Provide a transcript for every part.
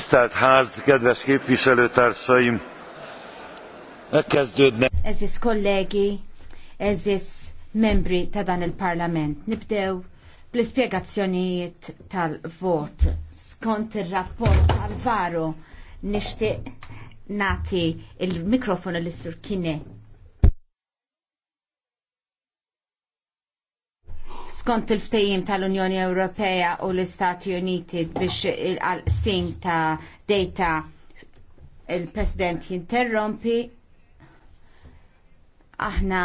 Tisztelt ház, kedves képviselőtársaim! Ez is kollégi, is membri ta' dan il-parlament. Nibdew bl-ispiegazzjonijiet tal-vot. Skont il-rapport tal-varu nishti nati il-mikrofonu l-sur Kine skont il-ftejim tal-Unjoni Ewropea u l-Istati Uniti biex il-qalqsim ta' data il-President jinterrompi aħna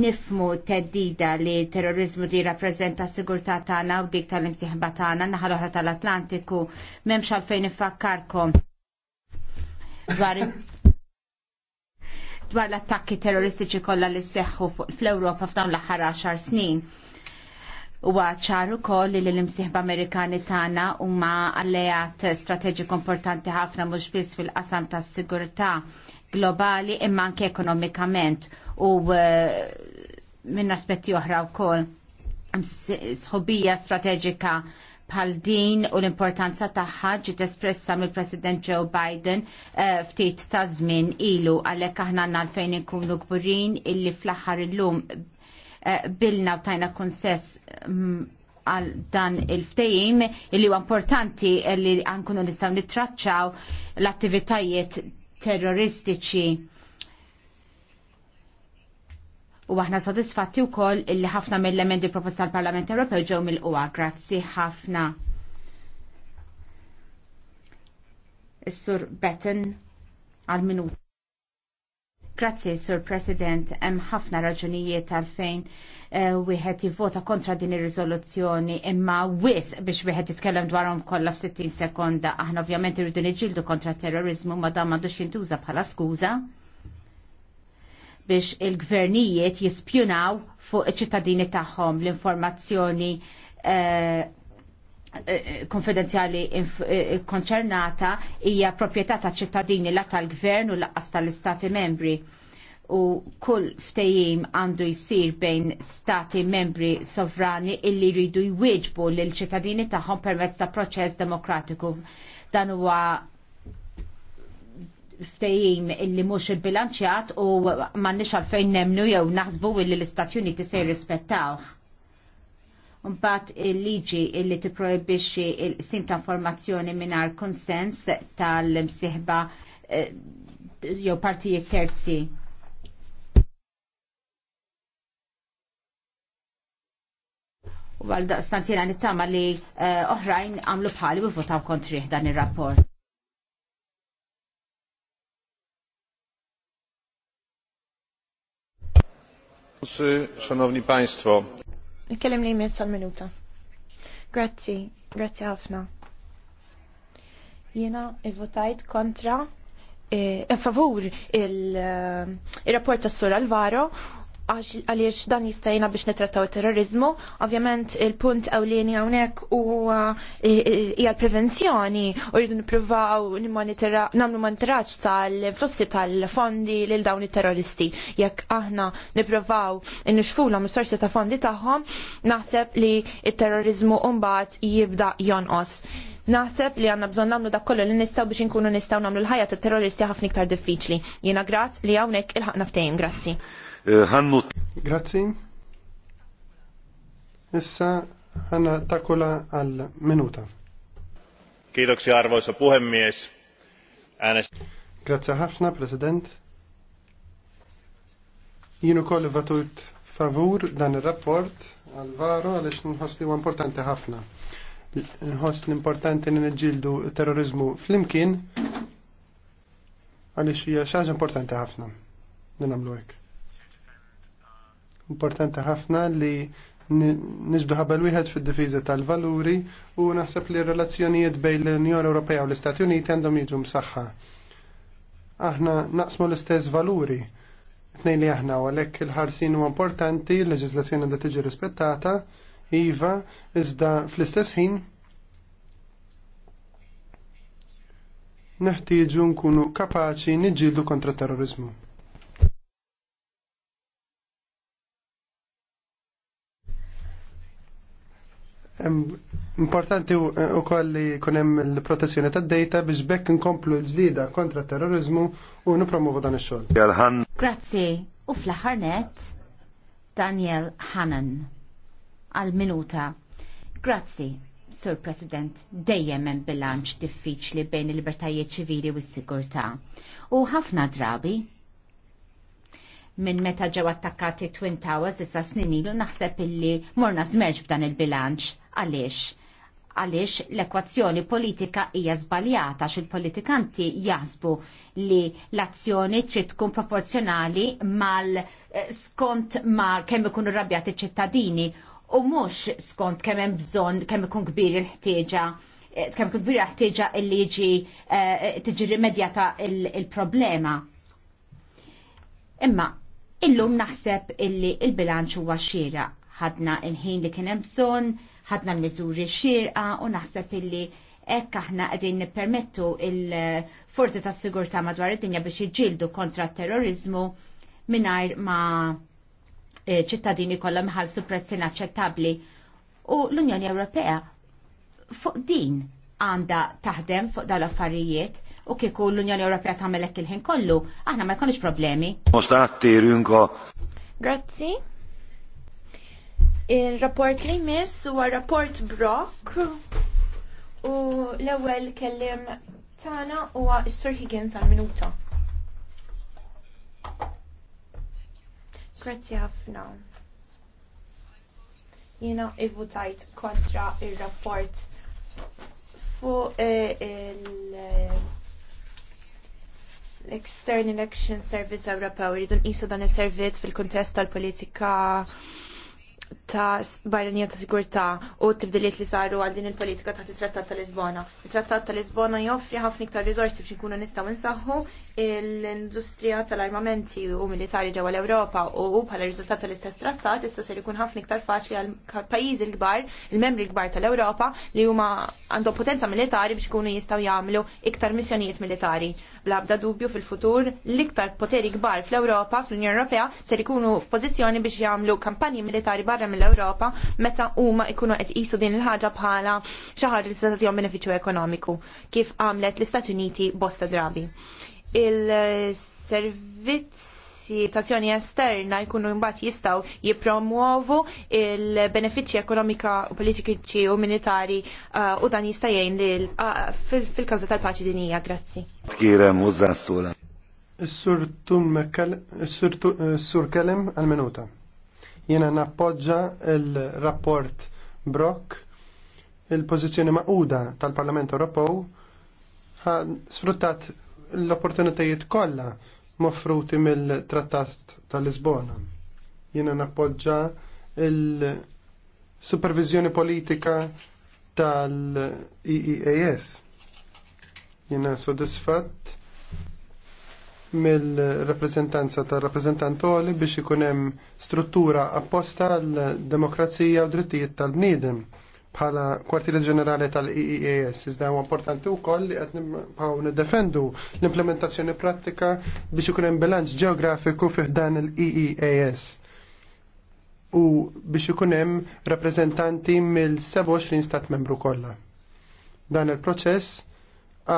nifmu teddida li terrorizmu di rappresenta sigurtà tagħna u dik tal-imsieħba tagħna naħa l-oħra tal-Atlantiku m'hemmx għalfejn nifakkarkom dwar l-attakki terroristiċi kollha li seħħu fl-Ewropa f'dawn l-aħħar 10 snin Huwa ċar ukoll li l-imsieħba Amerikani tagħna huma alleat strateġiku importanti ħafna mhux biss fil-qasam tas-sigurtà globali imma anke ekonomikament u e, minn aspetti oħra wkoll sħobija strateġika bħal din u l-importanza tagħha ġiet espressa mill-President Joe Biden e, ftit ta' żmien ilu għalhekk aħna għandna għalfejn inkunu kburin illi fl-aħħar illum Eh, bilna u tajna konsess mm, għal dan il-ftejim li huwa importanti li għankunu nistaw nittraċċaw l-attivitajiet terroristiċi. U aħna sodisfatti wkoll illi ħafna mill emendi proposta tal-Parlament Ewropew ġew mill-qwa. Grazzi ħafna. Is-Sur Betten għal-minuta. Grazzi, Sur President, hemm ħafna raġunijiet għalfejn uh, wieħed jivvota kontra din ir-riżoluzzjoni imma wis biex wieħed jitkellem dwarhom kollha f'60 sekonda. Aħna ovvjament irridu niġildu kontra terrorizmu ma dan m'għandux jintuża bħala skuża biex il-gvernijiet jispjunaw fuq iċ-ċittadini tagħhom l-informazzjoni uh, Eh, eh, konfidenzjali eh, konċernata hija proprjetà ta' ċittadini la tal-gvern u laqqas tal-istati membri u kull ftejim għandu jsir bejn stati membri sovrani illi jridu jwieġbu lil ċittadini tagħhom permezz ta' proċess demokratiku. Dan huwa ftejim illi mhux il-bilanċjat u m'għandniex għalfejn nemnu jew naħsbu illi l-Istati Uniti se jirrispettawh Mbagħad il-liġi li tipprojbixxi il sim ta' informazzjoni mingħajr konsens tal msihba eh, jew partijiet terzi. U għal daqstant nittama li eh, oħrajn għamlu bħali u votaw kontriħ dan il-rapport. Szanowni Państwo. Nitkellem li jmiss għal-minuta. Grazzi, grazzi ħafna. Jena votajt kontra eh, favur eh, il-rapport tas sur Alvaro għaliex dan jistajna biex nitrattaw terrorizmu. Ovvjament il-punt ewlieni hawnhekk huwa hija l-prevenzjoni u rridu nippruvaw nagħmlu monitoraġġ tal-flussi tal-fondi lil dawn it-terroristi. Jekk aħna nippruvaw nixfulhom is-sorsi ta' fondi tagħhom, naħseb li t-terrorizmu mbagħad jibda jonqos. Naħseb li għanna bżon namlu dak kollu li nistaw biex nkunu nistaw namlu l-ħajja tat-terroristi ħafna iktar diffiċli. Jiena grazz li hawnhekk il-ħaqna ftehim, grazzi ħannu. Grazzi. Issa ħanna takula għal minuta. Kiitoksia arvoisa puhemies. Äänest... Grazie ħafna, President. Jienu koll vatut favur dan il-rapport għal-varo għalix nħoss li importanti ħafna. Nħoss l-importanti li nġildu terrorizmu fl-imkien għalix hija xaġa importanti ħafna. Ninamlu hekk. Importanti ħafna li nisdu ħabel wieħed fid-difiża tal-valuri u naħseb li r-relazzjonijiet bejn l-Unjoni Ewropea u l-Istati Uniti għandhom jiġu msaħħa. Aħna naqsmu l-istess valuri. Tnejn li aħna u għalhekk il-ħarsin huwa importanti, l-leġiżlazzjoni għandha tiġi rispettata, iva, iżda fl-istess ħin neħtieġu nkunu kapaċi niġġieldu kontra terrorizmu. Importanti u koll li kunem l-protezzjoni ta' data biex bekk nkomplu l-ġdida kontra terrorizmu u nipromovu dan ix-xogħol. Grazzi. U fl-aħħar Daniel Hannan għal-minuta. Grazzi, Sur President, dejjem hemm bilanċ diffiċli bejn il-libertajiet ċivili u s-sigurtà. U ħafna drabi minn meta ġew attakkati Twin Towers issa snin ilu naħseb illi morna żmerġ b'dan il-bilanċ Għaliex? Għaliex l-ekwazzjoni politika hija żbaljata xil politikanti jasbu li l-azzjoni trid tkun proporzjonali mal eh, skont ma kemm ikunu rrabjati ċittadini u mhux skont kemm hemm bżonn kemm ikun kbir il-ħtieġa eh, kemm ikun kbir il-ħtieġa li jiġi eh, tiġi rimedjata il-problema. Imma illum naħseb illi il-bilanċ huwa xira ħadna il-ħin li kien hemm bżonn ħadna l-miżuri xirqa u naħseb illi ekk aħna qegħdin nippermettu il-forzi tas sigurtà madwar id-dinja biex iġildu kontra t terrorizmu mingħajr ma eh, ċittadini kollha ħal prezz inaċċettabbli. U l-Unjoni Ewropea fuq din għandha taħdem fuq dawn l-affarijiet u kieku l-Unjoni Ewropea tagħmel hekk il-ħin kollu, aħna ma jkunx problemi. Mostaqtirunko. Grazzi. Il-rapport li jmiss huwa rapport Brock u l-ewwel kellim tagħna huwa s-Sur Higgins għal-minuta. Grazzi ħafna. Jiena votajt kontra il-rapport fuq eh, l-External Election Service Ewropew jridu nqisu dan is-servizz fil-kuntest tal-politika ta' barranija ta' sigurtà u t-tibdiliet li saru għal din il-politika ta' t trattat ta' Lisbona. Il-Trattat ta' Lisbona joffri ħafna iktar rizorsi biex nkunu nistgħu nsaħħu l-industrija tal-armamenti u militari ġewwa l-Ewropa u bħala riżultat tal-istess trattat issa ser ikun ħafna iktar faċli għal pajjiżi l-kbar, il-membri l-kbar tal-Ewropa li huma għandhom potenza militari biex ikunu jistgħu jagħmlu iktar missjonijiet militari. Bla dubju fil-futur l-iktar poteri kbar fl-Ewropa, fl-Unjoni Ewropea, ser ikunu f'pożizzjoni biex jagħmlu kampanji militari barra mill-Ewropa meta huma jkunu qed qisu din il-ħaġa bħala xi ħaġa li tista' tihom benefiċċju ekonomiku kif għamlet l-Istati Uniti bosta drabi. il servizzi tazzjoni esterna jkunu mbagħad jistgħu jippromuovu il-benefiċċji ekonomika u politiċi u militari uh, u dan jista' jgħin uh, fil-kawża tal-paċi dinija. Grazzi. Kirem użassula. Is-sur Tun eh, Sur Kelem għal-minuta. Jena nappoġġa il-rapport Brock il-pozizjoni maquda tal-Parlament Ewropew ha sfruttat l-opportunitajiet kollha mofruti mill-Trattat tal-Lisbona. Jiena nappoġġa il-supervizjoni politika tal-EEAS. Jiena sodisfatt mill-rappresentanza tar rappresentantoli biex ikun hemm struttura apposta l-demokrazija u drittijiet tal-bniedem bħala kwartieri ġenerali tal-EEAS. Iżda huwa importanti wkoll li qed nibqgħu niddefendu l-implementazzjoni prattika biex ikun hemm bilanċ ġeografiku fih dan il-EEAS u biex ikun hemm rappreżentanti mill-27 stat membru kollha. Dan il-proċess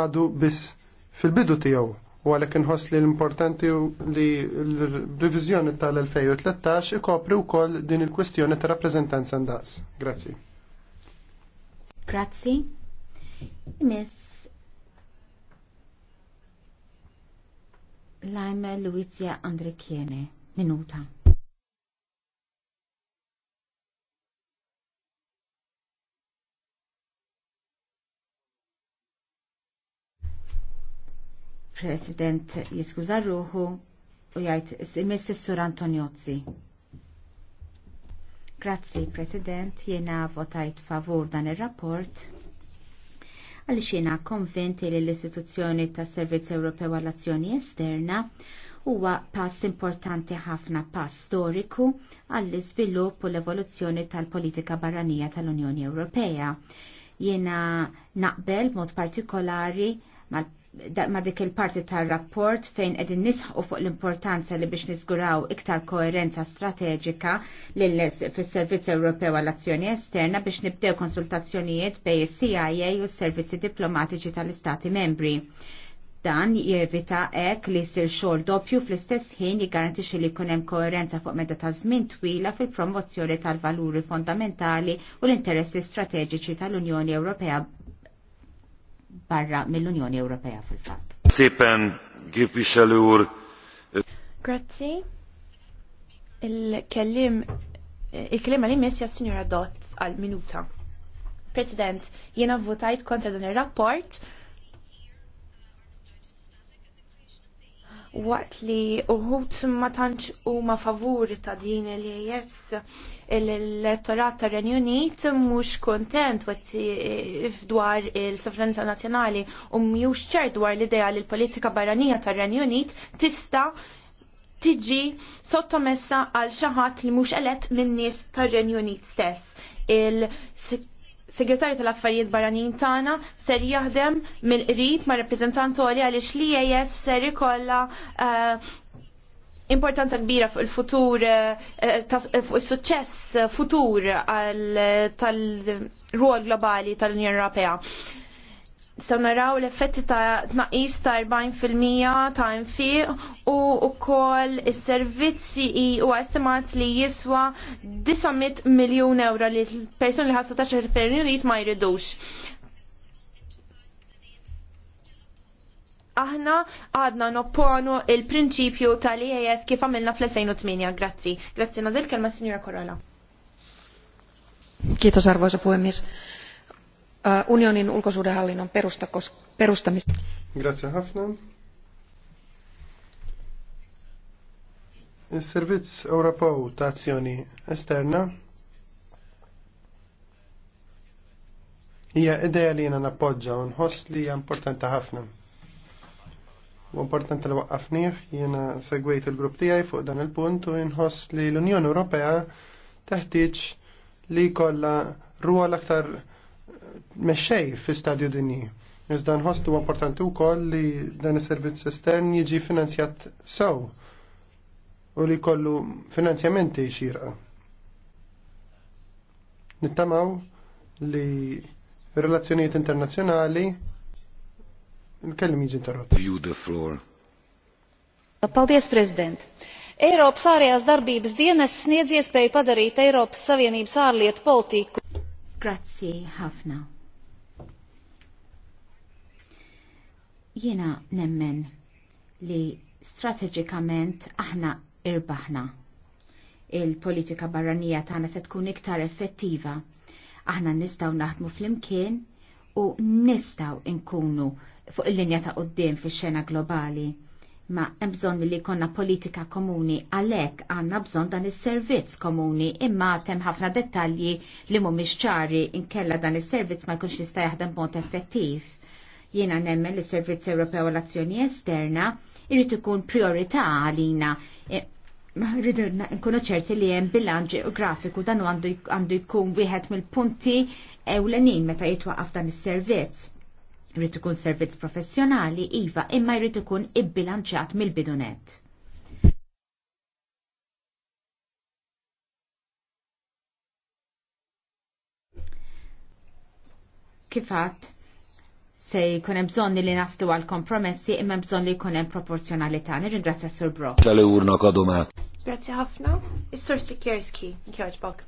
għadu biss fil-bidu tiegħu u għalhekk inħoss li l-importanti li l-reviżjoni tal-2013 ikopri wkoll din il kwestjoni ta' rappreżentanza ndaqs. Grazzi. Grazzi. Miss Lajme Luizia Andrekiene, minuta. President jiskuża ruħu u jajt Mr. Antoniozzi. Grazzi, President, jiena votajt favur dan ir-rapport għalli jiena konventi li l-istituzzjoni tas Servizz Ewropew għall-Azzjoni Esterna huwa pass importanti ħafna pass storiku għall iżvilupp u l-evoluzzjoni tal-politika barranija tal-Unjoni Ewropea. Jiena naqbel mod partikolari mal ma dik il-parti tal-rapport fejn edin nisħu fuq l-importanza li biex nizguraw iktar koerenza strateġika fil-Servizz Ewropew għall-Azzjoni Esterna biex nibdew konsultazzjonijiet bej CIA u s-servizzi diplomatiċi tal-Istati membri. Dan jevita ek li sir xogħol doppju fl-istess ħin jiggarantixxi li jkun hemm koerenza fuq meta ta' żmien twila fil-promozzjoni tal-valuri fondamentali u l-interessi strateġiċi tal-Unjoni Ewropea barra mill-Unjoni Ewropea fil-fatt. Sipen, képviselő úr. Grazzi. Il-kellim, il-kellim għalim jessja s signora Dott għal-minuta. President, jena votajt kontra dan il-rapport waqt li uħut ma tantx u ma favur ta' din li jess l-elettorat tar renju Unit mhux kontent dwar il-sovranità nazzjonali u mhux ċert dwar l-idea li l-politika barranija tar renju Unit tista' tiġi sottomessa għal xi ħadd li mhux elett min-nies tar-Renju Unit stess. Il-Segretarju tal-Affarijiet Barranin tagħna ser jaħdem mill-qrib ma' rappreżentant għaliex li EJS ser ikollha uh, eh, importanza kbira fuq il-futur, eh, eh, eh, fuq il-suċċess futur fuq il suċċess futur tal ruol globali tal-Unjoni Ewropea. Sa naraw l-effetti ta' tnaqis ta' 40% ta' infiq u wkoll is-servizzi u estimat li jiswa 900 miljun euro li l-persuni li ħassa ta' xerferin ma jridux. aħna għadna nopponu il-prinċipju tal-IAS kif għamilna fl-2008. Grazzi. Grazzi nadil kelma Signora Korola. Kiitos arvoisa puhemies. Uh, unionin ulkosuudenhallinnon perusta, perustamista. Grazie ħafna. Il-Servizz Ewropew ta' Azzjoni Esterna hija idea li jiena nappoġġa u nħoss li hija importanti ħafna u importanti li waqqafnieh jiena segwejt il-grupp tiegħi fuq dan il-punt u jinħoss li l-Unjoni Ewropea teħtieġ li jkollha rwol aktar eh, mexxej fi stadju dinji. Iżda nħoss li importanti wkoll li dan is-servizz estern jiġi finanzjat sew u li jkollu finanzjamenti xirqa. Nittamaw li relazzjonijiet internazzjonali Nkellim jiġi interrott. You the floor. Paldies, prezident. Eiropas ārējās darbības dienas sniedz iespēju padarīt Eiropas Savienības ārlietu politiku. Grazzi ħafna. Jiena nemmen li strateġikament aħna irbaħna. Il-politika barranija tagħna se tkun iktar effettiva. Aħna nistgħu naħdmu flimkien u nistaw inkunu fuq il-linja ta' qoddim fi xena globali. Ma hemm bżonn li konna politika komuni għalhekk għandna bżonn dan is-servizz komuni imma tem ħafna dettalji li mhumiex ċari inkella dan is-servizz ma jkunx jista' jaħdem b'mod effettiv. Jiena nemmen li servizz Ewropew għall azzjoni esterna jrid ikun priorità għalina e, rridu nkunu ċerti li hemm bilanġ ġeografiku dan għandu jkun wieħed mill-punti ewlenin meta jitwaqaf dan is-servizz. Rrid ikun servizz professjonali iva imma jrid ikun ibbilanċjat mill-bidunet. Kifat, se jkun hemm bżonn li nastu għal kompromessi imma bżonn li jkun hemm proporzjonalità. Nirringrazzja Sur Brock. Tal-urna kaduma. Grazzi ħafna. Is-Sur Sikjerski, kjoġbok.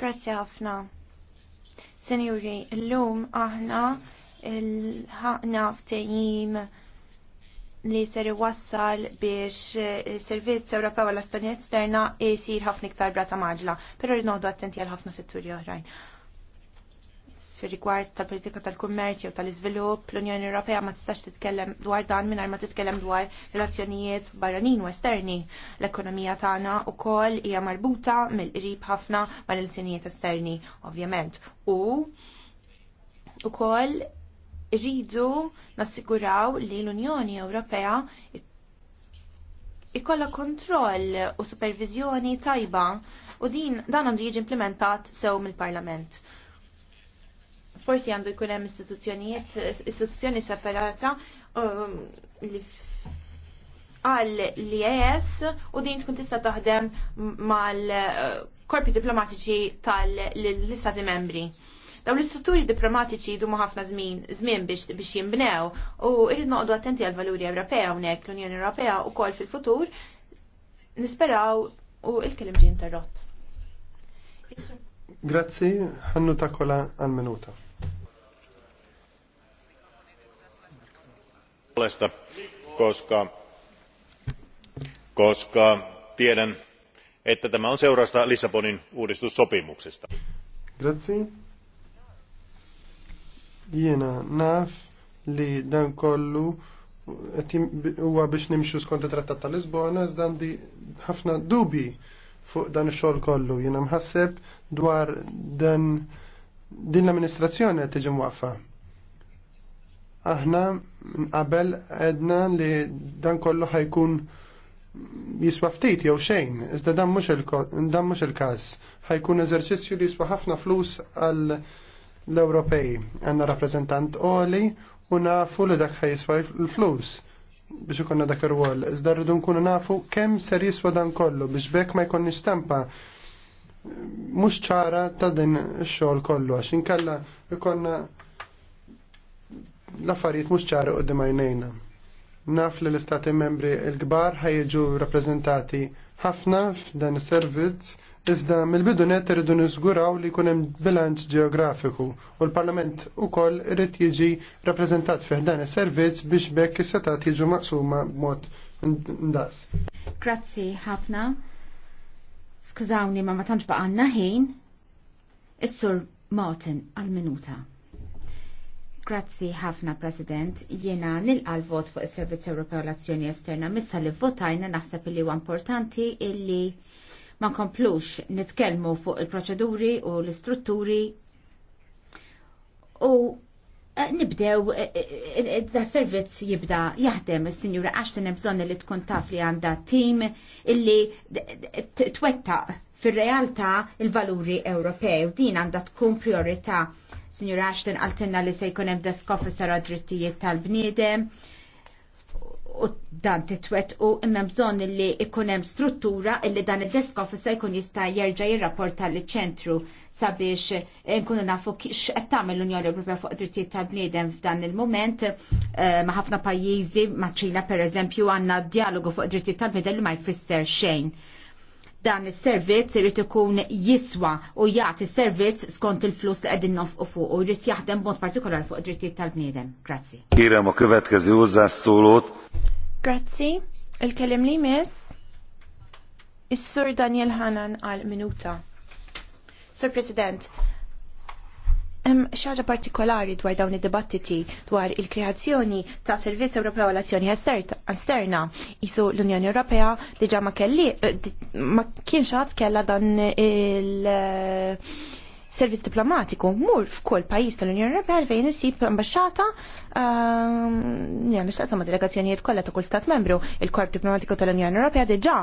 Grazzi ħafna. Senjuri, l-lum aħna l ħakna ftejjim li ser iwassal biex eh, il-servizz Ewropew għall-Astanja Esterna jsir ħafna iktar brata maġla, però rrid attenti għal ħafna setturi oħrajn fir-rigward tal-politika tal-kummerċ jew tal-iżvilupp, l-Unjoni Ewropea ma tistax titkellem dwar dan mingħajr ma titkellem dwar relazzjonijiet barranin u esterni. L-ekonomija tagħna wkoll hija marbuta mill-qrib ħafna mal-relazzjonijiet esterni, ovvjament. U ukoll irridu nassiguraw li l-Unjoni Ewropea ikolla kontroll u supervizjoni tajba u din dan għandu jiġi implementat sew mill-Parlament forsi għandu jkun hemm istituzzjonijiet istituzzjoni separata um, li għal li ias u din tkun tista' taħdem mal-korpi uh, diplomatiċi tal-istati membri. Daw l-istrutturi diplomatiċi jdumu ħafna żmien żmien biex jinbnew u irrid noqogħdu attenti għal valuri Ewropea hawnhekk l-Unjoni Ewropea wkoll fil-futur nisperaw u il-kelim ġie interrott. Grazzi, ħannu takola għal minuta. puolesta koska tiedän että tämä on seurausta lissabonin uudistussopimuksesta. jiena naf li dan kollu huwa biex nimxu skont it-Trattat ta' Lisbona iżda di ħafna dubi fuq dan ix-xogħol kollu. Jiena mħasseb dwar dan din l-amministrazzjoni qed tiġi mwaqfa. Aħna qabel edna li dan kollu ħajkun jiswa ftit jew xejn, iżda dan mhux il-każ. Ħajkun eżerċizzju li jiswa ħafna flus għal l-Ewropej. Għandna rappreżentant oli u nafu li dak ħajiswa l-flus biex ikonna dak ir-rwol. Iżda rridu nkunu nafu kemm ser jiswa dan kollu biex bekk ma jkun stampa mhux ċara ta' din ix-xogħol kollu għax inkella ikonna l-affarijiet mhux ċari qudiem għajnejna. Naf li l-istati membri l-kbar ħajġu rappreżentati ħafna f'dan is-servizz Iżda mill-bidu net irridu niżguraw li jkun hemm bilanċ ġeografiku u l-Parlament ukoll irid jiġi rappreżentat fih dan is-servizz biex bekk is-setat jiġu maqsuma b'mod ndaqs. Grazzi ħafna. Skużawni ma ma tantx baqgħanna ħin. Is-Sur Martin għal-minuta. Grazzi ħafna, President. Jiena nilqa l-vot fuq is servizzi Ewropew l-Azzjoni Esterna missa li votajna naħseb li huwa importanti illi ma nkomplux nitkellmu fuq il-proċeduri u l-istrutturi u eh, nibdew eh, eh, da servizz jibda jaħdem is-sinjura Ashton hemm li tkun taf li għandha tim illi twettaq fir-realtà il-valuri Ewropew din għandha tkun priorità Signor Ashton għaltenna li se jkun hemm desk officer għad-drittijiet tal-bniedem u dan titwet u imma bżonn li ikun hemm struttura illi dan id-desk officer jkun jista' jerġa' jirrapporta liċ ċentru sabiex eh, nkunu nafu x'qed tagħmel l-Unjoni Ewropea fuq drittijiet tal-bniedem f'dan il-moment eh, ma' ħafna pajjiżi ma'Ċina Ċina pereżempju għandna dialogu fuq drittijiet tal-bniedem li ma jfisser xejn dan is-servizz irid ikun jiswa u jagħti servizz skont il-flus li qegħdin nofqu fuq u jrid jaħdem b'mod partikolari fuq id-drittijiet tal-bniedem. Grazzi. Kira ma s hozzászólót. Grazzi. Il-kelim li miss is-Sur Daniel Hanan għal minuta. Sur President, Hemm xaġa partikolari dwar dawn id-dibattiti dwar il-kreazzjoni ta' Servizz Ewropew għal Azzjoni Esterna. Isu l-Unjoni Ewropea diġà ma kelli eh, ma kienx kella dan il- eh, servizz diplomatiku mur f'kull pajjiż tal-Unjoni Ewropea fejn isib ambasċata nja ehm, ma' delegazzjonijiet kollha ta' kull stat membru il-Korp Diplomatiku tal-Unjoni Ewropea diġà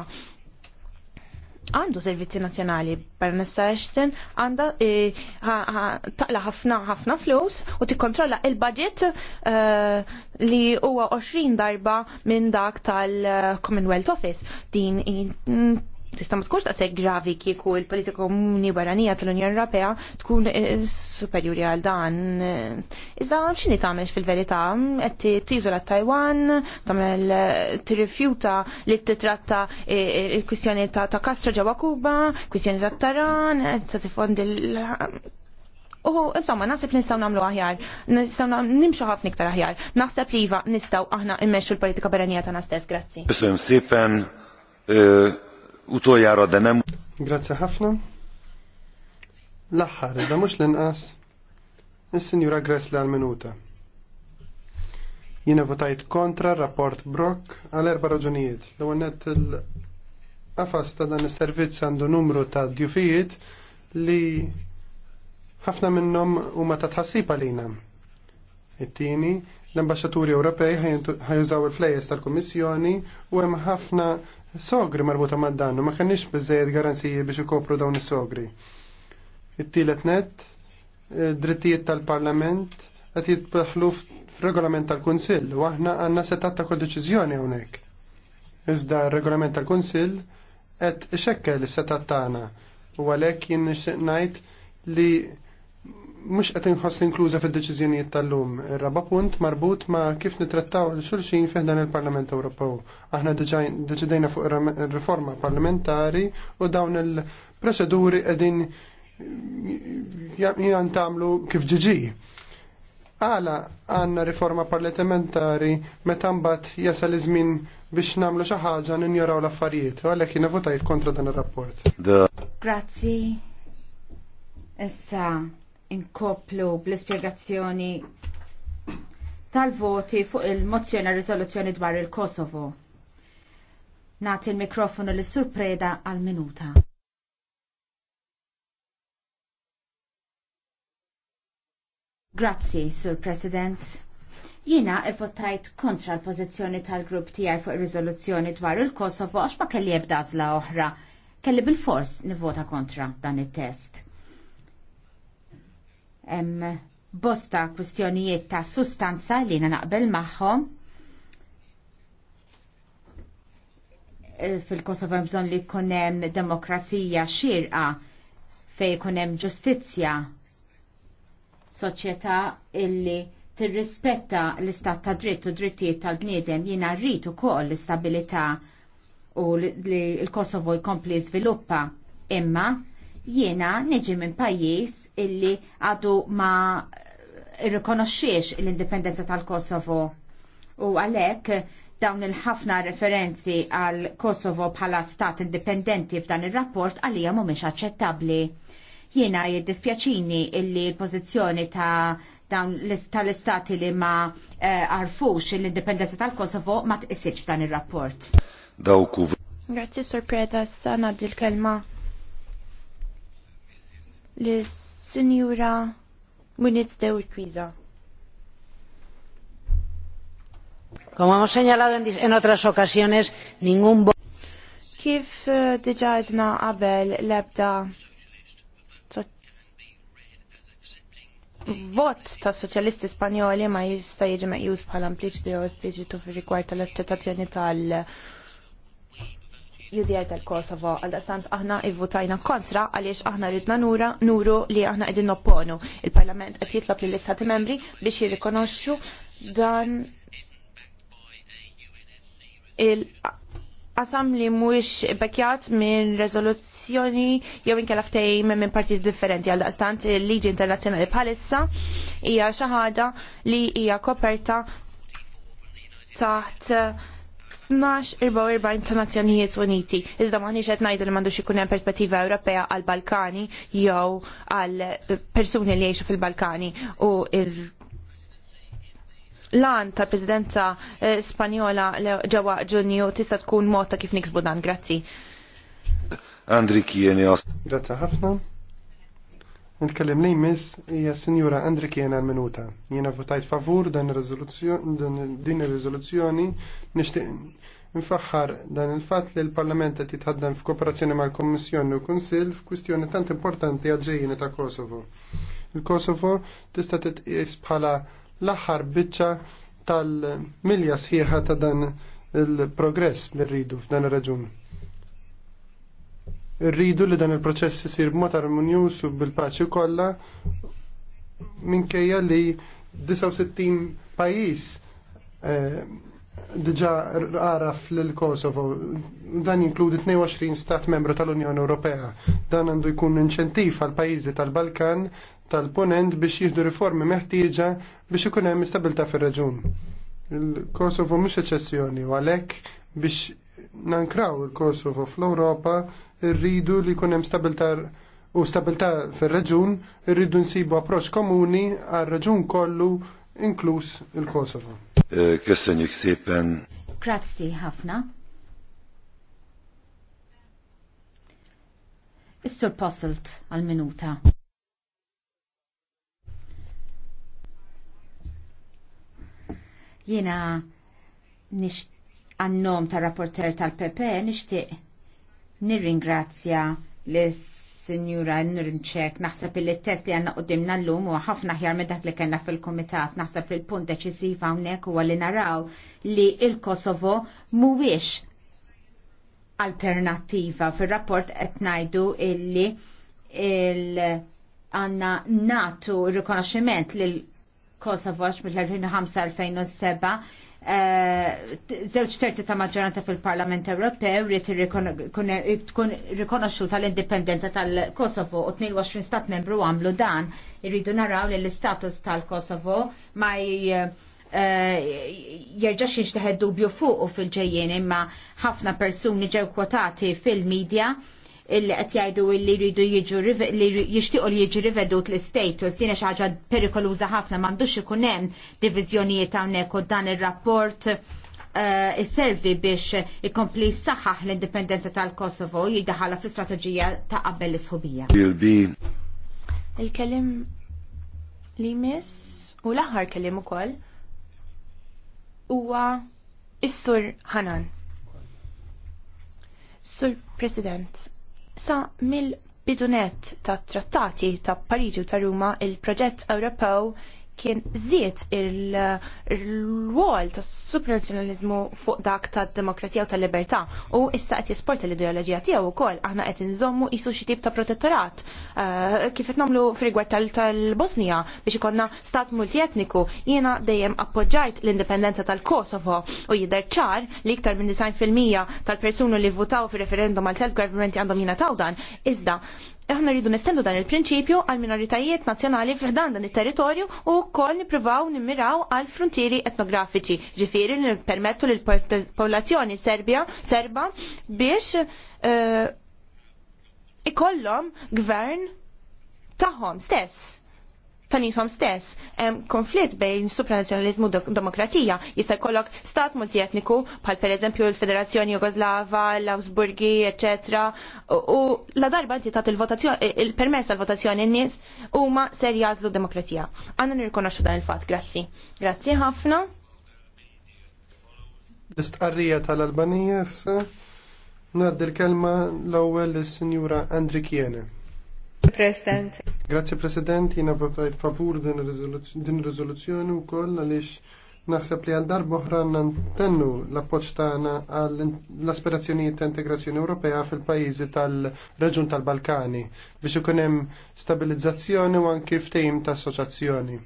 għandu servizzi nazjonali Baronessa Ashton għanda e, taqla ħafna ħafna flus u tikkontrolla il-budget e, li huwa 20 darba minn dak tal-Commonwealth Office. Din tista' ma tkunx taqseg gravi kieku il-politika komuni barranija tal-Unjoni Ewropea tkun eh, superjuri għal dan. Eh, iżda x'inhi tagħmel fil-verità qed tiżola Taiwan, tagħmel eh, tirrifjuta li titratta l kwistjoni ta' Castro ġewwa Kuba, kwistjoni ta' Taran, ta' tifondi U insomma, naħseb nistaw namlu aħjar, nistaw nimxu ħafna iktar aħjar. Naħseb li iva nistgħu aħna immexxu l-politika barranija tagħna stess, grazzi. Isem sipen Utoja denem. Grazie ħafna. L-aħħar, da mux l-inqas, il-Sinjura Gressli għal-minuta. Jina votajt kontra rapport Brock għal erba raġunijiet. L-għonet il-qafas ta' dan il-servizz għandu numru ta' djufijiet li ħafna minnom u ma ta' tħassib għalina. It-tini, l-ambasċaturi Ewropej ħajużaw il-flejes tal komissjoni u hemm ħafna sogri marbuta ma' dannu, ma' kenniex bizzejed garanziji biex ikopru dawn is-sogri. It-tielet net, drittijiet tal-parlament, qed f f'regolament tal-Kunsill, u aħna għandna setat ta' kol deċizjoni hawnhekk. Iżda r-regolament tal-Kunsill qed ixekkel is-setat tagħna u għalhekk jien nixtieq ngħid li mux qed inħoss inkluża fid-deċiżjonijiet tal-lum. Ir-raba punt marbut ma' kif nitrattaw l xulxin fiħdan il-Parlament Ewropew. Aħna deċidejna fuq riforma parlamentari u dawn il-proċeduri qegħdin jantamlu kif ġiġi. Għala għanna riforma parlamentari meta mbagħad jasal iż-żmien biex nagħmlu xi ħaġa ninjoraw l-affarijiet, u għalhekk jiena votajt kontra dan ir-rapport. Grazzi. Issa, inkoplu bl-ispiegazzjoni tal-voti fuq il-mozzjoni risoluzzjoni dwar il-Kosovo. Nati il-mikrofonu l surpreda għal-minuta. Grazzi, Sur President. Jina votajt kontra l-pozizjoni tal-grupp tijaj fuq il-rizoluzzjoni dwar il-Kosovo għax ma kelli ebdażla oħra. Kelli bil-fors nivvota kontra dan il-test Em, bosta kwistjonijiet ta' sustanza li na naqbel magħhom. E, Fil-Kosovo hemm bżonn li jkun hemm demokrazija xirqa fejn ikun hemm ġustizzja soċjetà illi tirrispetta l-istat ta' dritt u drittijiet tal-bniedem jiena rrid ukoll l-istabilità u li l-Kosovo jkompli sviluppa imma Jiena neġi minn pajjiż illi għadu ma irrikonoxxiex l-indipendenza tal-Kosovo u għalhekk dawn il-ħafna referenzi għal Kosovo bħala stat indipendenti f'dan ir-rapport għalija mhumiex aċċettabbli. Jiena jiddispjaċini illi l-pożizzjoni ta' dawn l istati li ma eh, għarfux l-indipendenza tal-Kosovo ma tqisitx f'dan ir-rapport. Dawku. Grazzi Sur Preda, sa' l kelma l-Sinjura Muniz de Urquiza. Como hemos señalado en, en otras ocasiones, ningún voto. Kif eh, diġajdna qabel lebda vot ta' soċjalisti Spanjoli ma jista' jiġi meqjus bħala di jew espliċitu fir-rigward tal-accettazzjoni tal-, -tal UDI tal-Kosovo għal daqstant aħna ivvutajna kontra għaliex aħna ridna nura nuru li aħna qegħdin nopponu. Il-Parlament qed jitlob lill istati membri biex jirrikonoxxu dan il qasam li mhuwiex bekjat minn rezoluzzjoni jew inkella ftehim minn partiti differenti għal daqstant il-liġi internazzjonali bħalissa hija xi ħaġa li hija koperta taħt 12-44 ta' Nazzjonijiet Uniti. Iżda maħni qed ngħidu li m'għandux ikun hemm perspettiva Ewropea għall balkani jew għal eh, persuni li jgħixu fil-Balkani u il- lan ta' presidenza eh, Spanjola ġewwa Ġunju tista' tkun mod ta' kif niksbu dan. Grazzi. Andri Kieni Grazie ħafna. Nitkellem lejn miss hija Sinjura Andrikiena l-Minuta. Jiena votajt favur dan din ir-riżoluzzjoni nixtieq nfaħħar dan il-fatt li l-Parlament qed jitħaddem f'kooperazzjoni mal-Kommissjoni u Kunsill f'kwistjoni tant importanti għal ta' Kosovo. Il-Kosovo tista' titqies bħala l-aħħar biċċa tal-milja sħiħa ta' dan il-progress li rridu f'dan ir-raġun. Rridu li dan il-proċess isir b'mod armonjus u bil-paċi kollha minkejja li 69 pajjiż eh, diġa għaraf l-Kosovo, dan jinkludi 22 stat membru tal-Unjoni Ewropea. Dan għandu jkun inċentiv għal pajjiżi tal-Balkan, tal-Ponent biex jihdu riformi meħtieġa biex ikun hemm istabilta fir-reġun. Il-Kosovo mhux eċċezzjoni u għalhekk biex nankraw il-Kosovo fl-Ewropa rridu li jkun hemm stabilità u stabilità fir-reġun, rridu nsibu approċċ komuni għar-reġun kollu inkluż il-Kosovo. Eh, Köszönjük szépen. Grazzi ħafna. Is-sur Posselt għal-minuta. Jena nix għannom ta' rapporter tal-PP nixtieq nirringrazzja l-Sinjura Nrinċek, naħseb li t-test li għanna qoddimna l-lum u ħafna ħjar me dak li kena fil-komitat, naħseb li l-punt deċisiv hawnhekk huwa li naraw li il-Kosovo mhuwiex alternattiva fil-rapport qed ngħidu illi il għanna natu rikonoximent l Kosovo mill-2005-2007 żewġ eh, terzi ta' maġġoranza fil-Parlament Ewropew rrit tkun rikonoxxuta l-indipendenza tal-Kosovo u 22 stat membru għamlu dan irridu naraw li l-istatus tal-Kosovo ma eh, jerġax jinxteħed dubju fuq u fil-ġejjien imma ħafna persuni ġew kwotati fil-medja illi qed jgħidu li jridu jiġu li jixtiequ li jiġu rivedut l-istatus din xi ħaġa perikoluża ħafna m'għandux ikun hemm diviżjonijiet hawnhekk u dan ir-rapport eh, isservi biex ikompli saħħaħ l-indipendenza tal-Kosovo jiddaħala fl-istrateġija ta' qabel l-isħubija. Il-kelim li miss u l-aħħar kelim ukoll huwa is-sur Hanan. Sur President, Sa mill-bidunet ta' trattati ta' Pariġi u ta' Ruma il-proġett Ewropew kien ziet il-wol ta' supranazjonalizmu fuq dak ta' demokrazija u ta' libertà u issa qed jisporta l-ideoloġija tiegħu wkoll aħna qed inżommu isu xi tip ta' protettorat eh, kif qed nagħmlu frigwet tal-Bosnija biex ikonna stat multietniku jiena dejjem appoġġajt l-indipendenza tal-Kosovo u jidher ċar li iktar minn 90% tal-persuni li votaw fir referendum għal self-government għandhom jingħataw dan iżda aħna rridu nestendu dan il-prinċipju għal minoritajiet nazzjonali fl-ħdan dan il-territorju u kol nipruvaw nimmiraw għal frontieri etnografiċi. Ġifiri permettu l popolazzjoni Serbia, Serba biex uh, ikollhom gvern tagħhom stess ta' nisom stess. Hemm konflitt bejn supranazjonalizmu u demokratija. Jista' jkollok stat multietniku bħal pereżempju l-Federazzjoni Jugoslava, l-Awsburgi, eċetera. U la darba inti tagħti il-votazzjoni il-permess għal-votazzjoni n-nies huma ser jażlu demokratija. Għandna nirrikonoxxu dan il-fatt, grazzi. Grazzi ħafna. L-istqarrija tal-Albanija issa l-kelma l-ewwel lis-Sinjura Andrikiene. President. Grazie President, jina votajt favur din rezoluzjoni u koll għalix naħseb li għal darboħra nantennu l poċtana tagħna aspirazzjoni ta' integrazzjoni Ewropea fil-pajjiżi tal-Reġun tal-Balkani biex ikun hemm stabilizzazzjoni u anki ftejim ta' assoċjazzjoni.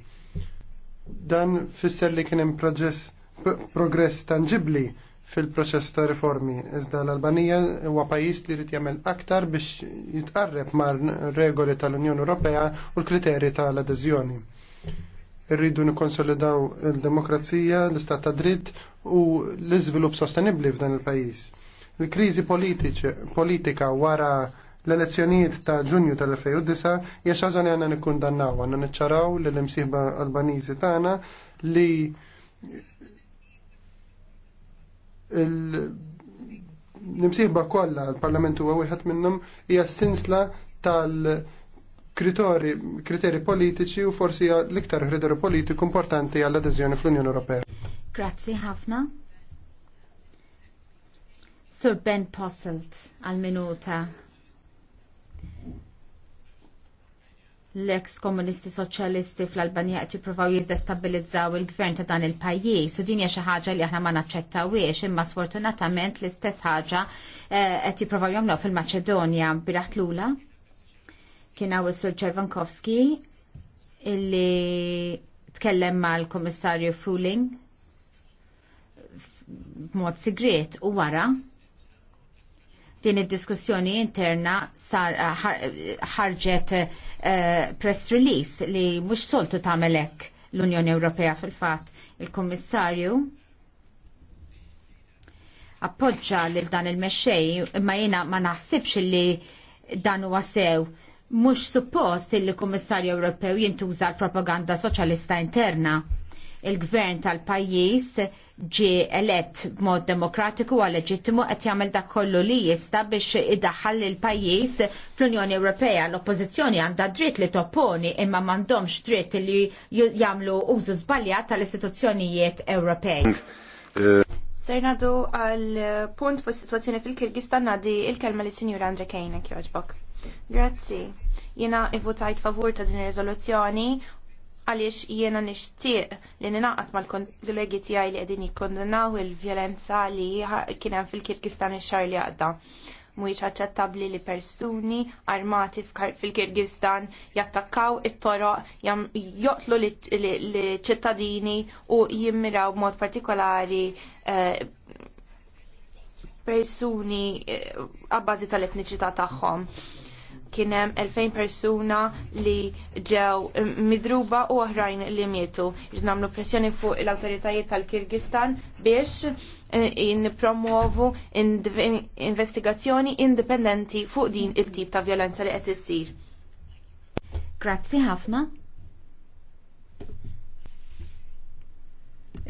Dan fisser li kien hemm progress tangibli fil-proċess ta' riformi. Iżda l-Albanija huwa pajjiż li jrid jagħmel aktar biex jitqarreb mar regoli tal-Unjoni Ewropea u l-kriterji tal-adeżjoni. Irridu nikkonsolidaw il-demokrazija, l-istat ta' dritt u l-iżvilupp sostenibbli f'dan il-pajjiż. Il-kriżi politika wara l-elezzjonijiet ta' ġunju tal-2009 hija xi ħaġa li għandna nikkundannaw, għandna niċċaraw lill-imsieħba Albaniżi tagħna li il-nimsiħba kolla, il-parlamentu huwa wieħed minnhom hija sinsla tal- kriteri, kriteri politiċi u forsi l-iktar kriteri politiku importanti għall adeżjoni fl-Unjoni Ewropea. Grazzi ħafna. Sir Ben Posselt għal minuta l-eks komunisti soċjalisti fl-Albanija qed jippruvaw jiddestabilizzaw il-gvern ta' dan il-pajjiż u din hija xi ħaġa li aħna ma naċċettawiex imma sfortunatament l-istess ħaġa eh, qed jippruvaw jagħmlu fil-Maċedonja biraħ lula. Kien hawn is-Sur Ċervankowski illi tkellem mal-Kummissarju Fuling b'mod sigriet u wara Din id-diskussjoni interna sar eh, ħarġet uh, press release li mhux soltu tagħmel hekk l-Unjoni Ewropea fil-fatt. Il-Kummissarju appoġġa lil dan il-mexxej imma jiena ma naħsibx li dan huwa sew mhux suppost il kummissarju Ewropew jintuża l-propaganda soċjalista interna. Il-gvern tal-pajjiż ġie elett b'mod demokratiku għal leġittimu qed jagħmel dak kollu li jista biex idaħħal il pajjiż fl-Unjoni Ewropea. L-Oppożizzjoni għandha dritt li topponi imma m'għandhomx dritt li jagħmlu użu żbaljat tal-istituzzjonijiet Ewropej. Sernadu għal punt fuq situazzjoni fil-Kirgistan nadi il-kelma li sinjur Andre Kejnek jogħġbok. Grazzi. Jena votajt favur ta' din ir-riżoluzzjoni għaliex jiena nixtieq li ninaqat mal-kollegi tiegħi li qegħdin jikkondenaw il-vjolenza li kien hemm fil-Kirgistan ix-xahar li għadda. Mhuwiex aċċettabbli li persuni armati fil-Kirgistan jattakkaw it-toroq, joqtlu l-ċittadini u jimmiraw b'mod partikolari eh, persuni eh, għabbażi tal-etniċità tagħhom kien hemm 2000 persuna li ġew midruba u oħrajn li mietu. Irid nagħmlu pressjoni fuq l-awtoritajiet tal-Kirgistan biex nippromuovu e, in investigazzjoni indipendenti fuq din il-tip ta' violenza li qed issir. Grazzi ħafna.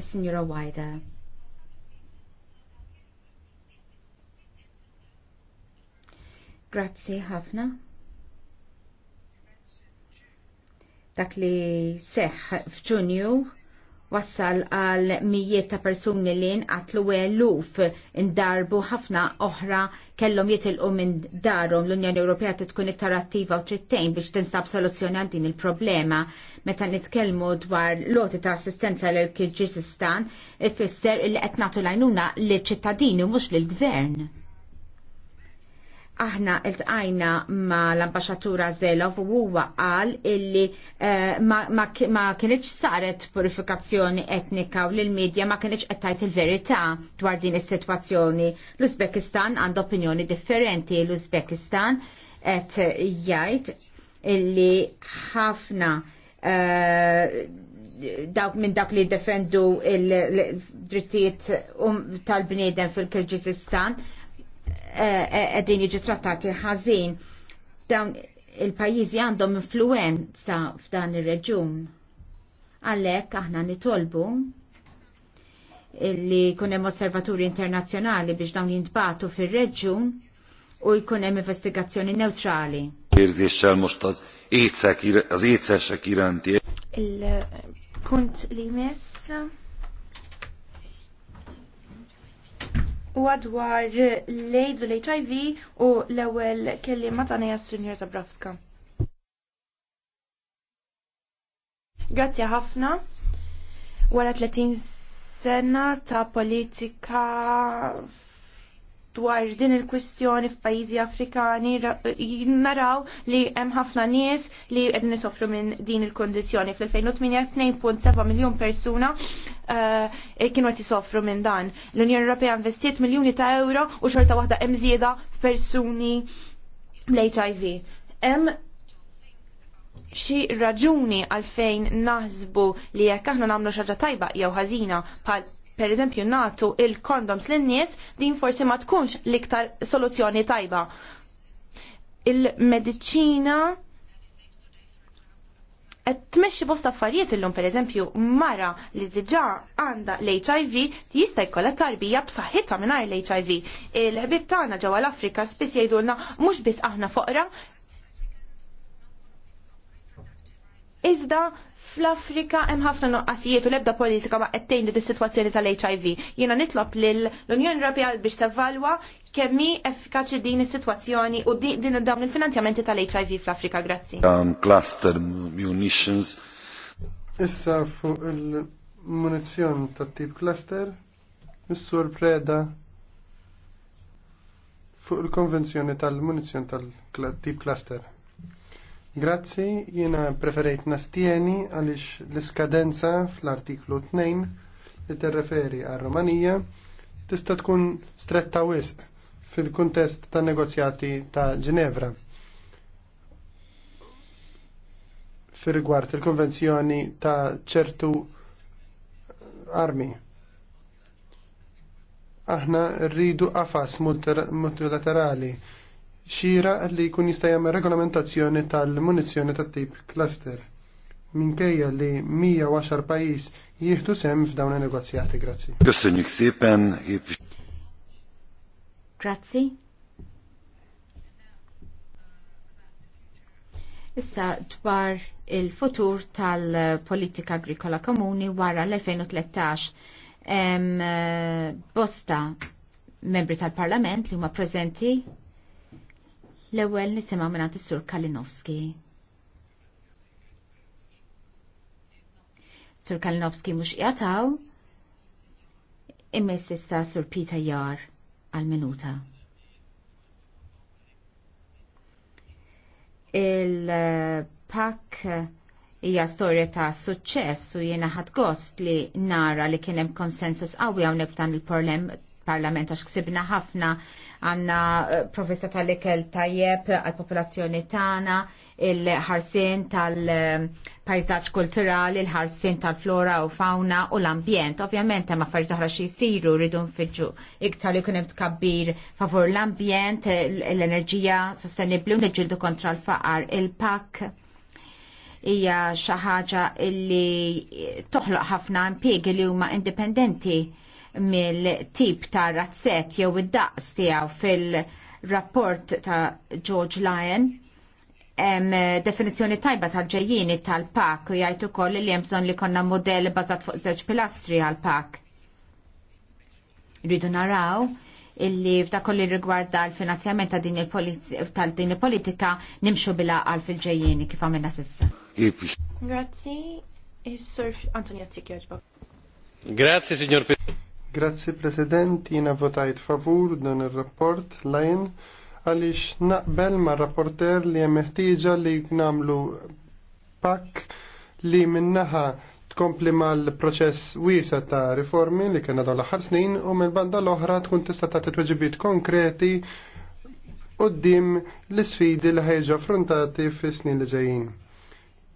Is-Sinjura Wajda. Grazzi ħafna. Dak li seħ f'Ġunju wassal għal mijiet ta' persuni li nqatlu eluf indarbu ħafna oħra kellhom jitilqu minn darhom l-Unjoni Ewropea tkun iktar attiva u trittejn biex tinsab soluzzjoni għal din il-problema. Meta nitkellmu dwar loti ta' assistenza l kirġisistan ifisser li qed nagħtu lajnuna li ċittadini mhux lill-gvern aħna iltqajna ma l ambasġatura Zelov u huwa qal illi eh, ma, kienx saret purifikazzjoni etnika u l-medja ma kienx qed il-verità dwar din is-sitwazzjoni. L-Uzbekistan għandu opinjoni differenti. L-Uzbekistan qed jgħid illi ħafna eh, dawk minn dak li defendu il-drittijiet um, tal-bniedem fil-Kirġizistan Eh, eh, qegħdin jiġu trattati ħażin. Dawn il-pajjiżi għandhom influenza f'dan ir-reġun. Għalhekk aħna nitolbu li jkun hemm osservaturi internazzjonali biex dawn jintbatu fir-reġun u jkun hemm investigazzjoni neutrali. Érzéssel mux taż az éjszesek Il-punt li mess u għadwar l-AIDS u l-HIV u l-ewel kelli matana Neja Sunjur Zabrowska. Grazie ħafna. Wara 30 sena ta' politika dwar din il-kwistjoni f'pajjiżi Afrikani eh, naraw li hemm ħafna nies li qed nisofru minn din il-kondizzjoni. Fl-2008 2.7 miljun persuna eh, kienu qed isofru minn dan. L-Unjoni Ewropea investiet miljuni ta' euro u xorta waħda hemm żieda f'persuni bl-HIV. Hemm xi raġuni għalfejn naħsbu li jekk aħna nagħmlu xaġa tajba jew ħażina bħal per eżempju natu il-kondoms lin-nies din forsi ma tkunx l-iktar soluzzjoni tajba. Il-medicina qed tmexxi bosta affarijiet illum pereżempju mara li diġà għandha l-HIV jista' jkollha tarbija b'saħħitha mingħajr l-HIV. Il-ħbib tagħna ġewwa l-Afrika spiss jgħidulna mhux biss aħna foqra, Iżda Fl-Afrika hemm ħafna noqqasijiet u l-ebda politika ma qed tgħin is-sitwazzjoni tal-HIV. Jiena nitlob lil l-Unjoni Ewropea biex tevalwa kemm hi effikaċi din is-sitwazzjoni u din dawn il-finanzjamenti tal-HIV fl-Afrika. Grazzi. Um, cluster munitions. Issa fuq il-munizzjon tat-tip cluster, is-sur preda fuq il-konvenzjoni tal-munizzjon tal-tip cluster. Grazzi, jiena preferejt nastieni għaliex l-iskadenza fl-artiklu 2 li tirreferi għal Romanija tista' tkun stretta wisq fil-kuntest tan negozjati ta' Ginevra. fir rigward il-konvenzjoni ta' ċertu armi. Aħna rridu qafas multilaterali xira li jkun jista' jagħmel regolamentazzjoni tal-munizzjoni tat-tip cluster. Minkejja li 110 pajjiż jieħdu sem f'dawn il-negozjati, grazzi. Köszönjük jib. Grazzi. Issa dwar il-futur tal-politika agrikola komuni wara l-2013 eh, bosta membri tal-parlament li huma preżenti L-ewwel nisimgħu mingħand is-Sur Kalinowski. Sur Kalinowski mhux jataw, imma issa Sur Pita Jar għal-minuta. Il-pak hija storja ta' suċċess u jiena ħadd gost li nara li kien hemm konsensus qawwi hawnhekk f'dan il-parlament għax ksibna ħafna għanna eh, provvista tal-ikel tajjeb għal-popolazzjoni tagħna, il-ħarsin tal-pajzaġġ kulturali, il-ħarsin tal-flora u fauna u l-ambjent. Ovvjament hemm affarijiet oħra xi jsiru rridu nfidġu iktar jkun hemm tkabbir favur l-ambjent, l-enerġija sostenibbli u niġġieldu kontra l-faqar, il-pak hija xi ħaġa li toħloq ħafna impjiegi li huma indipendenti mill-tip ta' razzet jew id-daqs tiegħu fil-rapport ta' George Lyon hemm definizzjoni tajba tal-ġejjini tal-pak u jgħid ukoll li hemm bżonn li konna modell bażat fuq żewġ pilastri għal-pak. Rridu naraw illi f'dak li rigwarda l-finanzjament ta' din il-politika nimxu bila għal fil-ġejjini kif għamilna sissa. Grazzi, is-sur Antonio Tikjoġba. Grazie, signor Presidente. Grazzi President, jina votajt favur dan il-rapport lajn għalix naqbel ma' rapporter li jemmeħtieġa li namlu pak li minnaħa tkompli mal-proċess wiesa ta' riformi li kena dawn l-aħħar snin u mill-banda l-oħra tkun tista' tagħti tweġibiet konkreti qudiem l-isfidi li ħejġu affrontati fis-snin li ġejjin.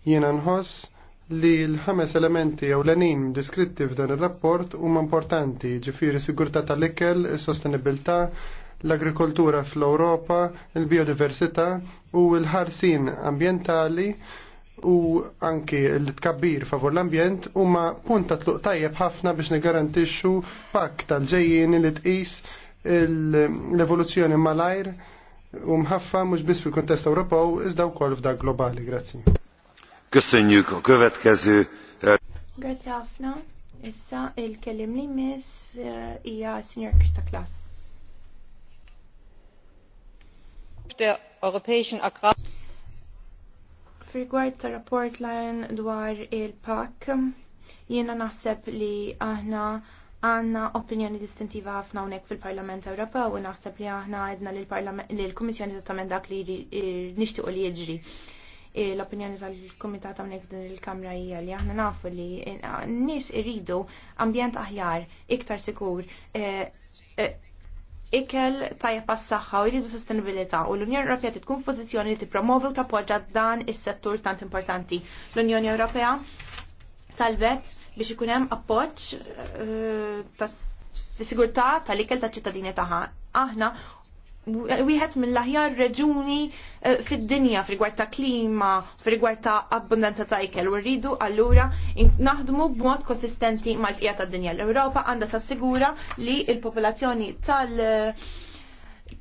Jiena nħoss li l-ħames elementi jew l-enim diskritti f'dan ir-rapport huma importanti, ġifieri sigurtà tal-ikel, is-sostenibilità, l-agrikoltura fl-Ewropa, il-biodiversità u l-ħarsin ambjentali u anki l-tkabbir favur l-ambjent huma punta tluq tajjeb ħafna biex nigarantixxu pakk tal-ġejjin li tqis l-evoluzzjoni malajr u mħaffa mhux biss fil-kontest Ewropew iżda wkoll f'dak globali. Grazzi. Köszönjük a következő. Eh, Grazie ħafna. Issa il-kellim li miss eh, hija Signor Krista Klass. Der europäischen Agrar Frigward ta' rapport lajn dwar il-PAK, jiena naħseb li aħna għanna opinjoni distintiva ħafna unek fil-Parlament Ewropew u naħseb li aħna għedna l-Komissjoni esattament dak li eh, nixtiequ li jiġri l-opinjoni tal-Komitat għamnek din il-Kamra hija li aħna nafu li n-nies iridu ambjent aħjar, iktar sikur, e, e, ikel tajja għas u jridu sostenibilità u l-Unjoni Ewropea tkun f'pożizzjoni li tippromovi u tappoġġa dan is-settur tant importanti. L-Unjoni Ewropea talbet biex ikun hemm appoġġ e, tas-sigurtà tal-ikel taċ-ċittadini tagħha. Aħna wieħed mill-aħjar reġuni eh, fid-dinja f'rigward ta' klima, f'rigward ta' abbundanza ta' ikel u rridu allura naħdmu b'mod konsistenti mal-qija tad-dinja. L-Ewropa għandha tassigura li l-popolazzjoni tal-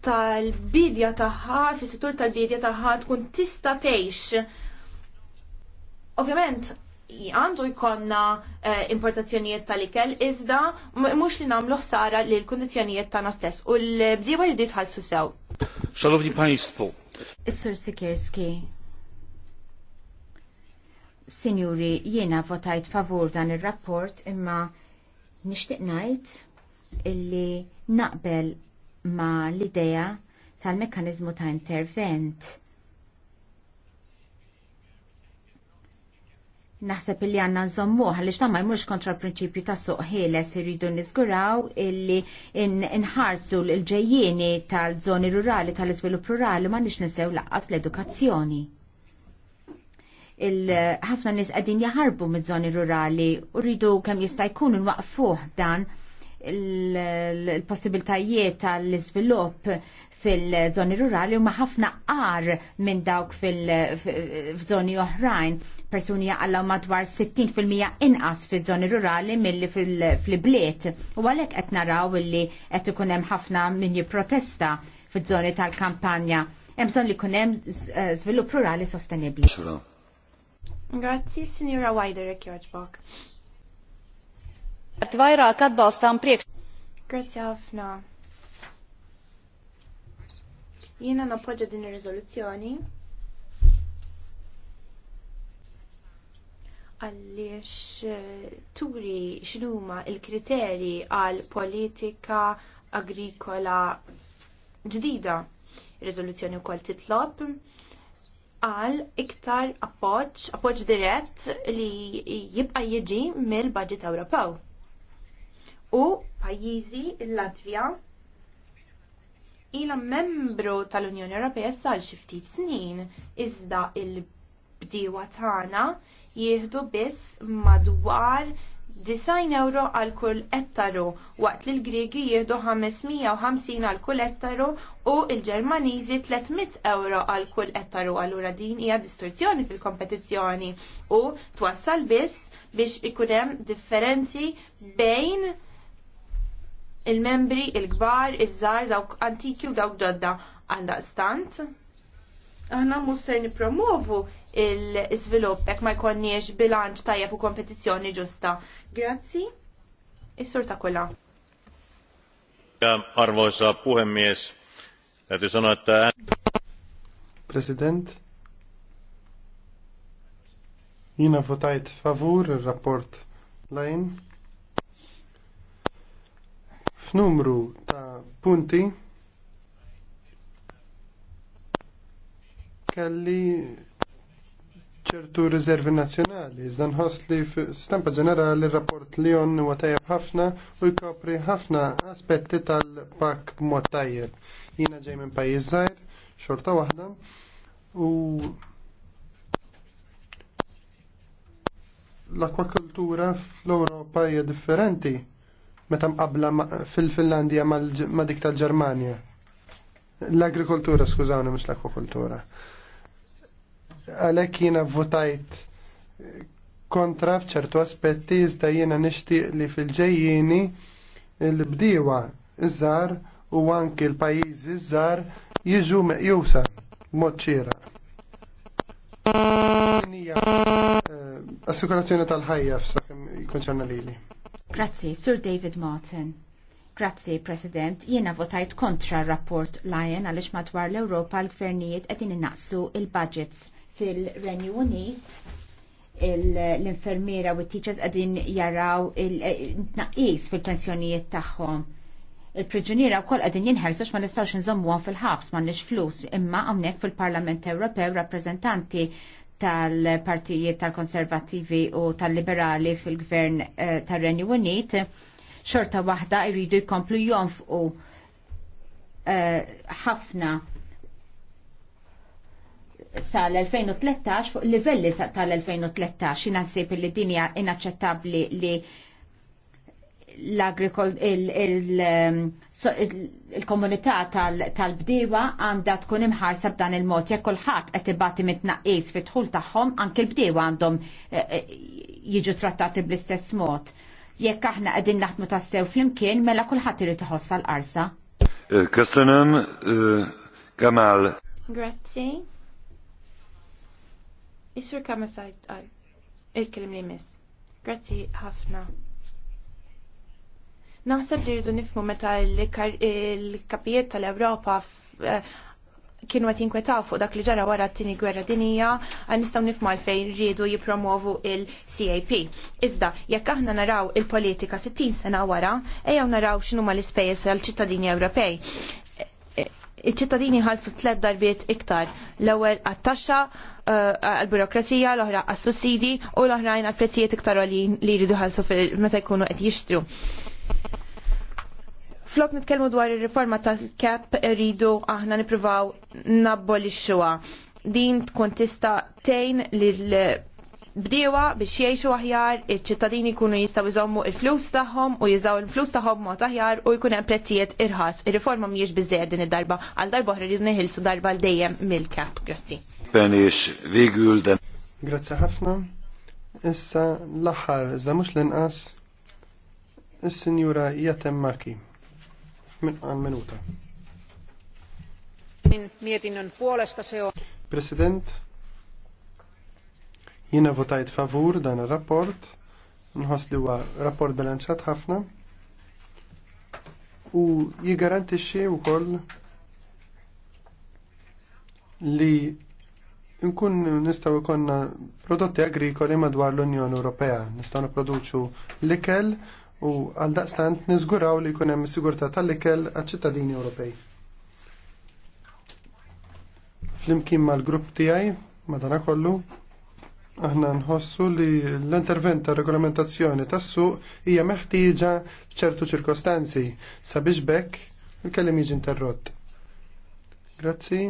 tal-bidja tagħha, fis-settur tal-bidja tagħha tkun tista' tgħix. Ovvjament, għandu jkonna eh, importazzjonijiet tal-ikel, iżda mux li namlu ħsara li l-kondizjonijiet tana stess u l-bdiewa li ditħalsu sew. Szanowni Państwo. Is-Sur Sikirski. Sinjuri, jiena votajt favur dan ir-rapport imma nixtieq ngħid illi naqbel ma l-idea tal mekanizmu ta' intervent Naħseb illi għanna nżommuħ għaliex ta' ma jmux kontra l prinċipju ta' suq ħieles irridu niżguraw illi nħarsu l-ġejjieni tal-żoni rurali tal-iżvilupp rurali ma nix nisew laqqas l-edukazzjoni. ħafna nies qegħdin jaħarbu miż-żoni rurali u rridu kemm jista' jkun waqfuħ dan il-possibiltajiet tal-iżvilupp fil-żoni rurali u ma ħafna qar minn dawk fil-żoni oħrajn persuni jaqallaw madwar 60% inqas fil-żoni rurali milli fil-bliet. U għalhekk qed naraw illi qed ikun hemm ħafna min jipprotesta fil-żoni tal-kampanja. Hemm bżonn li jkun hemm e, żvilupp rurali sostenibbli. Grazzi, Sinjura Widerek Artvajra, Vairāk ostan priek. Grazzi ħafna. Jiena nappoġġa din ir-riżoluzzjoni għaliex eh, turi x'numa il-kriterji għal politika agrikola ġdida. rezoluzzjoni riżoluzzjoni wkoll titlob għal iktar appoġġ, appoġġ dirett li jibqa jiġi mill-budget Ewropew. U pajjiżi l-Latvja ila membru tal-Unjoni Ewropea sal xi ftit snin iżda il-bdiewa tagħna jieħdu biss madwar 90 euro għal kull ettaru, waqt li l-Griegi jieħdu 550 għal kull ettaru u l-Ġermaniżi 300 euro għal kull ettaru għallura din hija distorzjoni fil-kompetizzjoni u twassal biss biex ikun hemm differenzi bejn il-membri il-kbar, iż-żgħar dawk antiki u dawk ġodda għal stant. Aħna mhux se nippromovu il-svilupp jekk ma jkonniex bilanċ tajjeb u kompetizzjoni ġusta. Grazzi. Is-sur ta' kulla. Arvoisa puhemies, täytyy sanoa, että... President, jina votajt favur il-rapport lajn. F'numru ta' punti kelli ċertu riservi nazzjonali, iżda nħoss li stampa ġenerali r-rapport li jon huwa tajjeb ħafna u jkopri ħafna aspetti tal-pak b'mod tajjeb. Jiena ġej minn pajjiż żgħir, xorta waħda, u l-akwakultura fl-Ewropa hija differenti meta mqabla fil-Finlandja ma' dik tal-Ġermanja. L-agrikoltura, skużawni, mhux l-akwakultura għalhekk jiena votajt kontra f'ċertu aspetti iżda jiena nixtieq li fil ġejjini l bdiwa iż-żar u anki l-pajjiżi iż-żar jiġu meqjusa b'mod xieraq. Hija eh, assikurazzjoni tal-ħajja f'sakemm jkonċerna lili. Grazzi, Sir David Martin. Grazzi, President. Jiena votajt kontra r-rapport Lion għaliex madwar l-Ewropa l-gvernijiet qed innaqsu il-budgets fil-Renju Unit l-infermiera u t-teachers għadin jaraw il-naqis fil-pensjonijiet tagħhom. Il-priġuniera wkoll qegħdin jinħelsu ma nistgħux nżommuhom fil-ħabs m'għandniex flus, imma hawnhekk fil-Parlament Ewropew rappreżentanti tal-partijiet tal-konservativi u tal-liberali fil-gvern eh, tar-Renju Unit xorta waħda jridu jkomplu jonfqu eh, ħafna uh, sal-2013 fuq livelli tal-2013 jinansib li dinja inaċċettabli li um, l-komunità tal bdiwa għandha tkun imħarsa b'dan il-mod jekk kulħadd qed ibati mitnaqqis fit-dħul tagħhom anke l-bdiewa għandhom eh, eh, jiġu trattati bl-istess mod. Jekk aħna qegħdin naħdmu tassew flimkien mela kulħadd irid iħossa l-qarsa. Eh, Kassanam Kamal. Grazie. Isur kama sajt għal il-kelim li mis. Grazzi ħafna. Naħseb li rridu nifmu meta l-kapijiet tal-Ewropa eh, kienu għet jinkwetaw fuq dak li ġara wara t-tini gwerra dinija, għan nistaw nifmu għalfejn rridu jipromovu il-CAP. Iżda, jekk aħna naraw il-politika 60 sena wara, ejaw naraw xinu ma l-ispejjeż għal ċittadini Ewropej iċ-ċittadini ħalsu tliet darbiet iktar. L-ewwel għat-taxxa eh, għall-burokrazija, l-oħra għas-sussidi u l-oħrajn għall-prezzijiet iktar li jridu ħalsu meta jkunu qed jixtru. Flok nitkellmu dwar ir-riforma tal kep rridu aħna nippruvaw nabbolixxuha. Din tkun tista' tgħin lil bdiewa biex jiexu aħjar, il ċittadini kunu jistaw jżommu il-flus tagħhom u jiżaw il-flus tagħhom mod aħjar u jkun hemm prezzijiet irħas. Ir-riforma mhijiex biżejjed din id-darba għal darba oħra rridu neħilsu darba l dejjem mill-kap. Grazzi. Grazzi ħafna. Issa l-aħħar iżda mhux l-inqas is-Sinjura Jatem Maki. Min minuta. Mietinnön puolesta se on. President, Jina votajt favur dan ir-rapport, nħoss li huwa rapport bilanċat ħafna u jigarantixxi wkoll li nkun nistgħu jkollna prodotti agrikoli madwar l-Unjoni Ewropea, nistgħu nipproduċu l-ikel u għal daqstant niżguraw li jkun hemm sigurtà tal-ikel għaċ-ċittadini Ewropej. Flimkien mal-grupp tiegħi kollu aħna nħossu li l-intervent ta' regolamentazzjoni tas-suq hija meħtieġa ċertu ċirkostanzi sabiex bekk il-kelim jiġi interrott. Grazzi.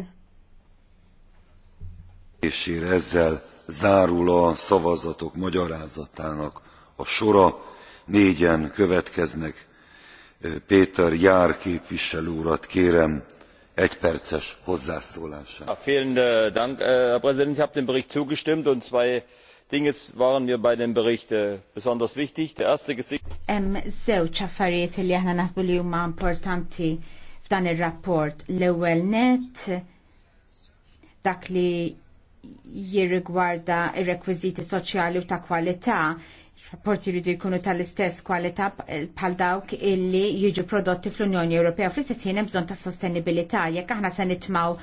És ezzel zárul a szavazatok magyarázatának a sora. Négyen következnek. Péter Jár képviselő urat kérem egy perces hozzászólását. Vielen äh, Dank, äh, Herr Präsident. Ich habe dem Bericht zugestimmt und zwei Dinge waren mir bei dem Bericht äh, besonders wichtig. Der erste Hemm żewġ affarijiet li aħna naħsbu li huma importanti f'dan ir-rapport. L-ewwel net dak li jirrigwarda ir-rekwiżiti soċjali u ta' kwalità rapporti jridu jkunu tal-istess kwalità bħal dawk illi jiġu prodotti fl-Unjoni Ewropea fl-istess jien hemm bżonn ta' sostenibilità jekk aħna se nitmaw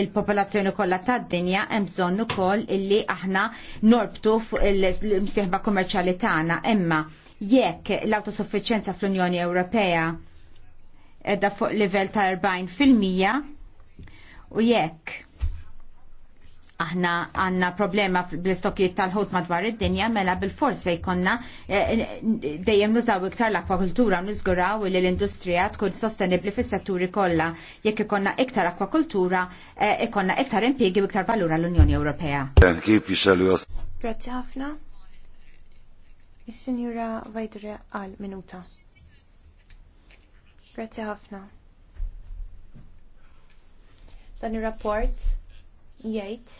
il-popolazzjoni kollha tad-dinja hemm bżonn ukoll illi aħna norbtu fuq il-msieħba kummerċjali tagħna imma jekk l-autosuffiċjenza fl-Unjoni Ewropea edha fuq livell ta' 40 fil-mija u jekk aħna għanna problema bl-istokkiet tal-ħut madwar id-dinja mela bil-fors jkonna eh, eh, dejjem nużaw iktar l-akwakultura u nizguraw li l-industrija tkun sostenibli fis-setturi kollha jekk ikonna iktar akwakultura eh, ikonna iktar impiegi u iktar valura l-Unjoni Ewropea. Kif Grazzi ħafna. Is-Sinjura Vajdre għal minuta. Grazzi ħafna. Dan ir-rapport jgħid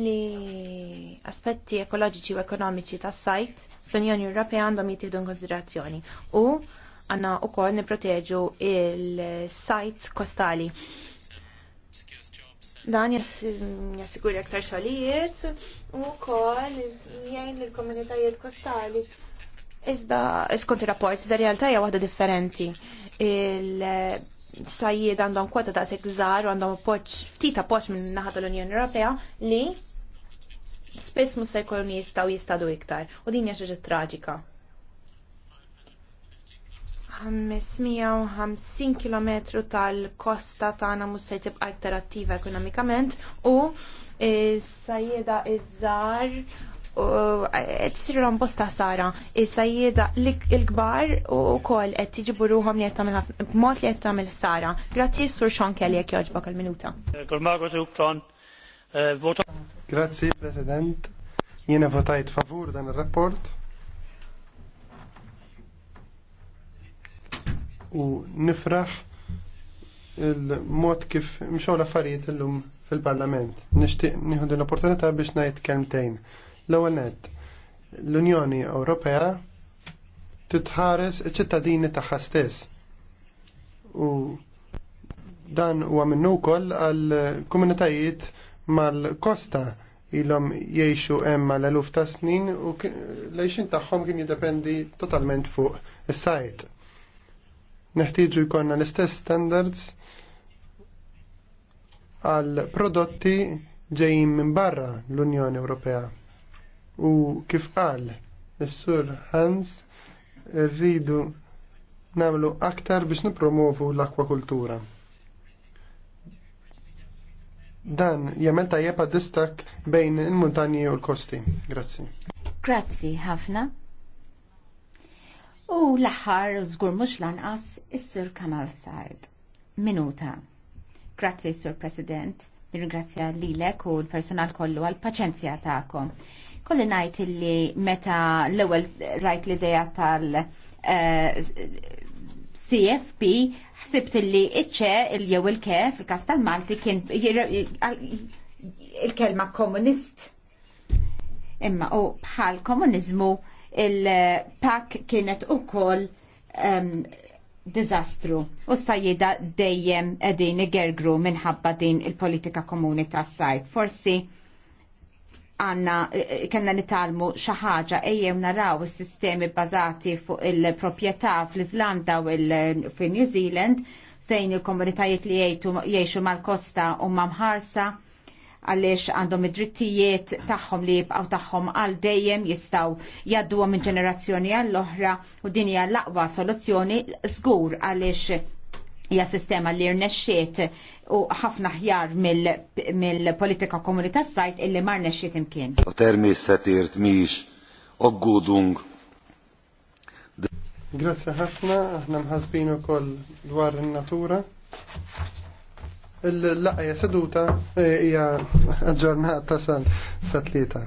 li aspetti ekoloġiċi u ekonomiċi tas sajt fl-Unjoni Ewropea għandhom jittieħdu konsiderazzjoni u għanna u koll niproteġu il-sajt kostali. Dan jassiguri aktar xogħlijiet u koll jgħin l-komunitajiet kostali. Iżda, skont il-rapport, iżda realtà hija waħda differenti. il sajjed għandhom kwota ta' sekżar u għandhom poċ, ftita poċ minn naħat l-Unjoni Ewropea li spess mus se jkollu jistgħu jistadu iktar. U din hija xi traġika. 550 km tal-kosta tagħna mhux se tibqa' iktar attiva ekonomikament u sajjeda iż-żar Eh, qed isirilhom bosta sara. Is-sajjieda l-kbar u wkoll qed tiġibu ruhom li qed tagħmel b'mod li qed tagħmel sara. Grazzi Sur Sean Kelly jekk jogħġbok il-minuta. Eh, Grazzi President. Jiena votajt favur dan ir-rapport. U nifraħ il-mod kif mxew l-affarijiet illum fil-Parlament. Nixtieq nieħu din l-opportunità biex ngħid kelmtejn. L-ewwel nett, l-Unjoni Ewropea titħares iċ-ċittadini tagħha stess. U dan huwa minnu wkoll għal komunitajiet mal-kosta ilhom jgħixu hemm mal eluf ta' snin u l għixin tagħhom kien jiddependi totalment fuq is-sajt. Neħtieġu jkollna l-istess standards għal prodotti ġejjin minn barra l-Unjoni Ewropea. U kif qal is-sur Hans rridu nagħmlu aktar biex nippromovu l-akwakultura. Dan jagħmel tajjeb distak bejn il-muntanji u l-kosti. Grazzi. Grazzi ħafna. U l-aħħar żgur mhux lanqas is-Sur Kamal Sard. Minuta. Grazzi, Sur President. Nirringrazzja lilek u l-personal kollu għal paċenzja tagħkom. Kolli najt illi meta l-ewel rajt l-ideja tal- eh, CFP ħsibt illi iċċe il-jew il-kef, il-kas tal-Malti kien il-kelma komunist. Imma u bħal komunizmu il-pak kienet u koll dizastru u sajjida dejjem edin igergru minħabba din il-politika komuni tas-sajt. Forsi għanna eh, eh, kena nitalmu xaħġa ejjem naraw il sistemi bazati fuq il-propieta fl-Islanda u fil-New Zealand fejn il-komunitajiet li jiexu mal-kosta u mamħarsa għaliex għandhom id-drittijiet tagħhom li jibqaw tagħhom għal dejjem jistgħu jgħadduhom minn ġenerazzjoni għall oħra u din hija l-aqwa soluzzjoni żgur għaliex hija sistema li rnexxiet u ħafna ħjar mill-politika komunità sajt illi marna xiet imkien. A satir mi is aggódunk. Grazzi ħafna, aħna mħazbinu kol dwar in-natura. Il-laqja seduta e, hija aġġornata sal-satlieta.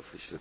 Official.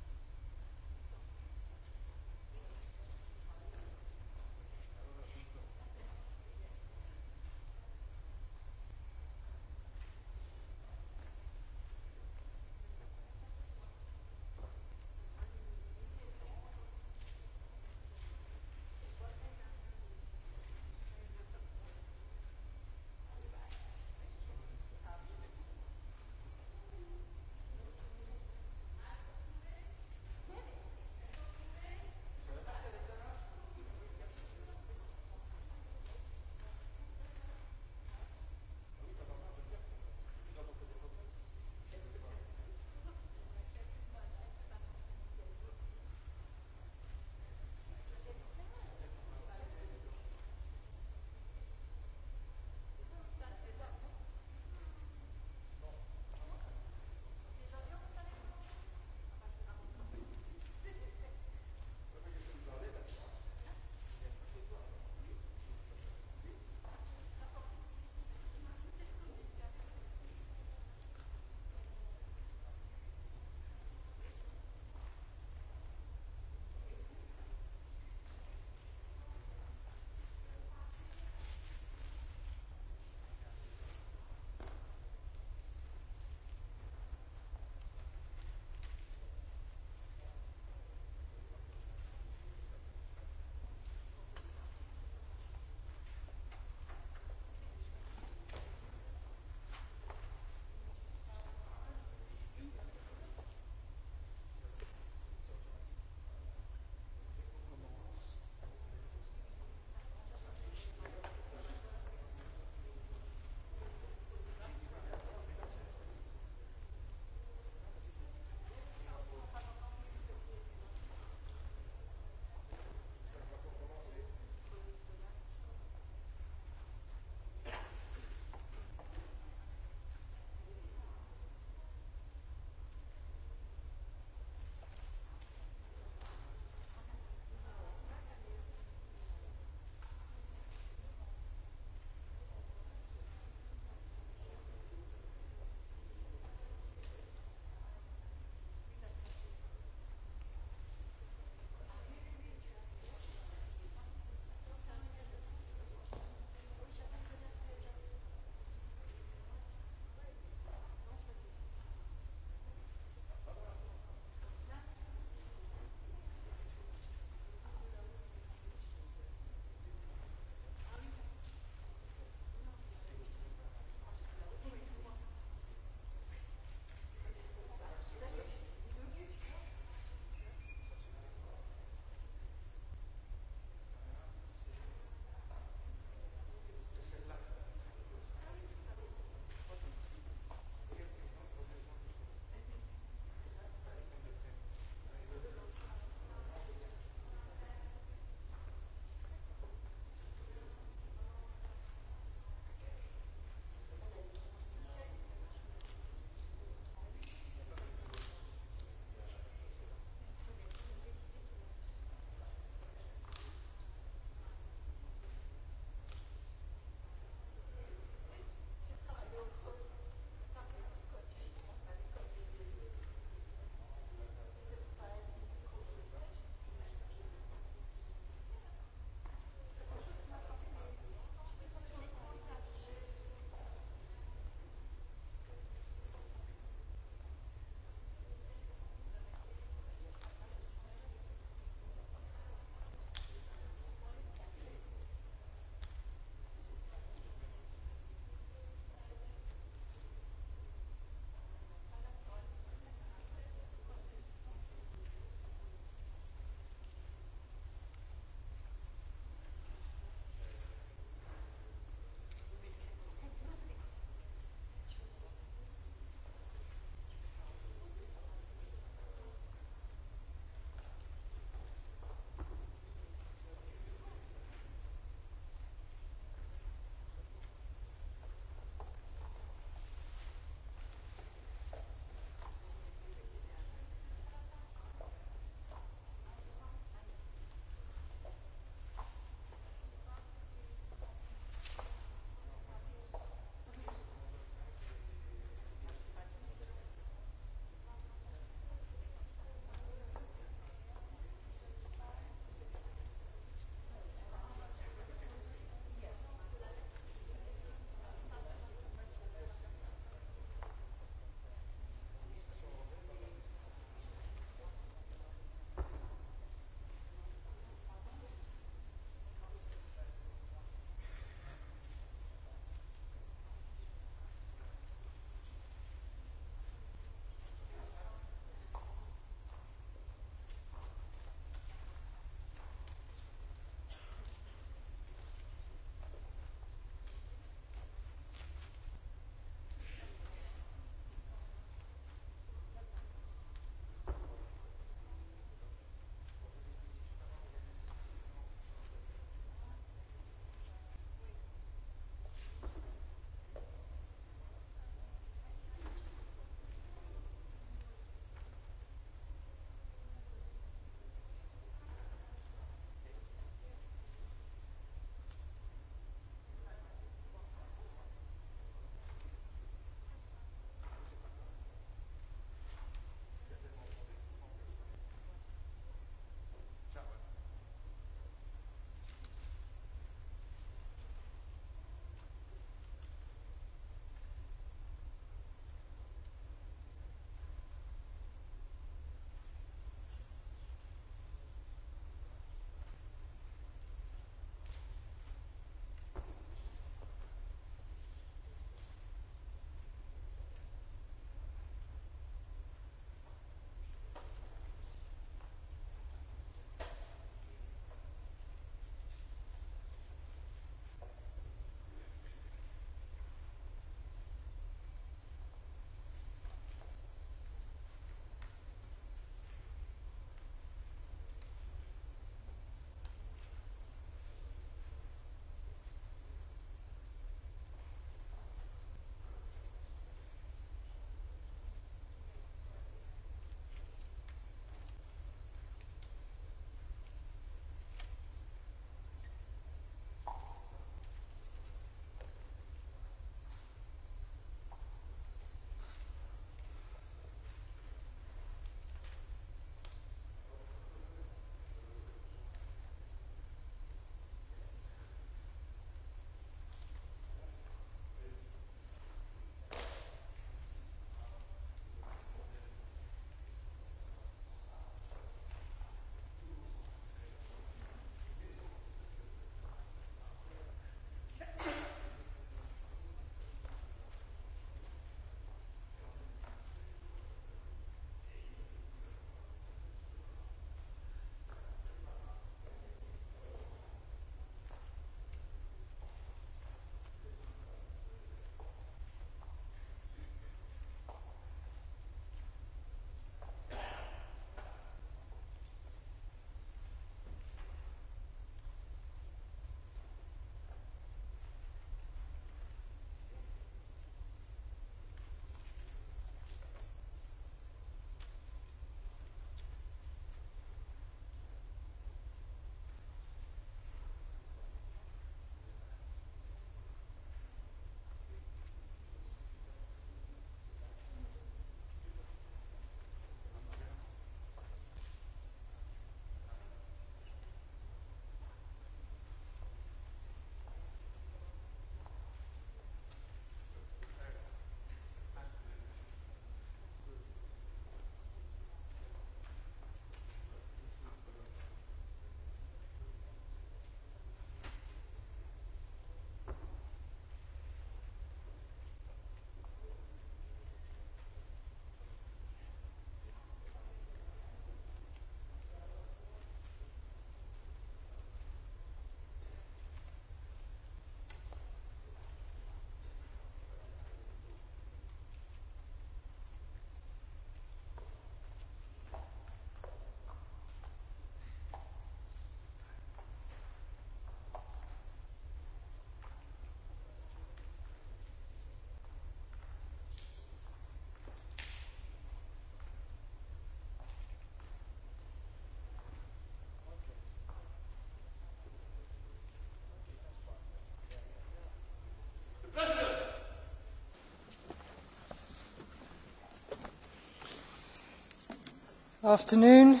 afternoon.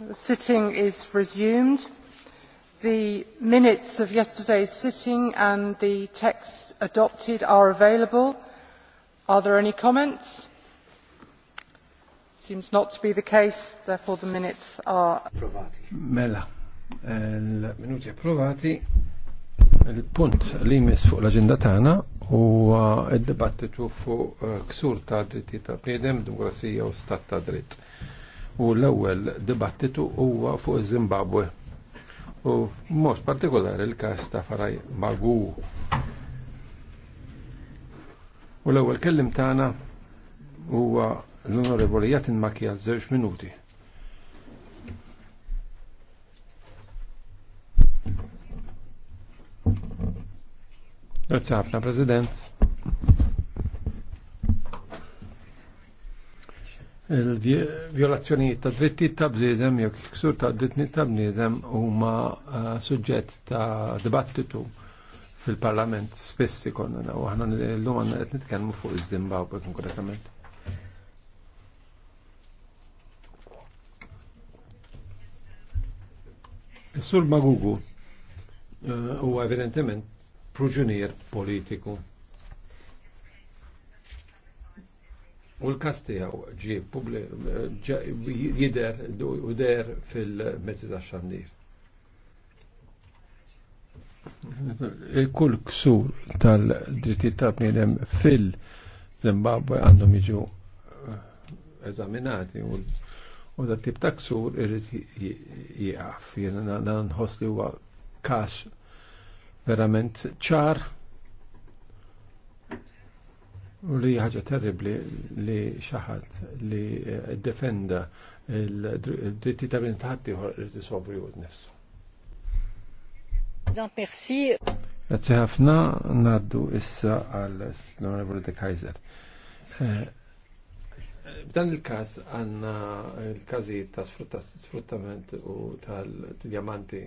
The sitting is resumed. The minutes of yesterday's sitting and the text adopted are available. Are there any comments? Seems not to be the case, therefore the minutes are approvati. Mela, il-minuti approvati, il-punt li mis fuq l-agenda tagħna huwa d-dibattitu fuq eh, ksur ta' dritti ta' priedem, demokrasija u stat ta' dritt u l-ewwel dibattitu huwa fuq Zimbabwe. U mod partikolari l-każ ta' Faraj Magu. U l-ewwel kellim tagħna huwa l-Onorevoli Jatin Makija żewġ minuti. Grazie ħafna, il-violazzjonijiet ta' drittijiet ta' bżizem, jew ksur ta' drittijiet ta' bniedem huma eh, suġġett ta' dibattitu fil-parlament spessi konna u aħna l-lum għanna qed kenmu fuq iż-Zimbabwe konkretament. sur Magugu eh, huwa evidentement proġunier politiku. U l-kastijaw ġi jider u der fil-mezzi ta' xandir. Kull ksur tal-drittijiet ta' bniedem fil-Zimbabwe għandhom jiġu eh, eżaminati u u da tip ta' ksur irrid jgħaf. Jena nħoss li huwa kas verament ċar U li ħaġa terribli li xaħat li eh, defenda il-dritti ta' minn taħtiħor li sobri u nifsu. Merci. Grazie ħafna, naddu issa għal l-Onorevole de Kaiser. Eh, b'dan il-kas għanna il-kazi ta' sfruttament u tal-diamanti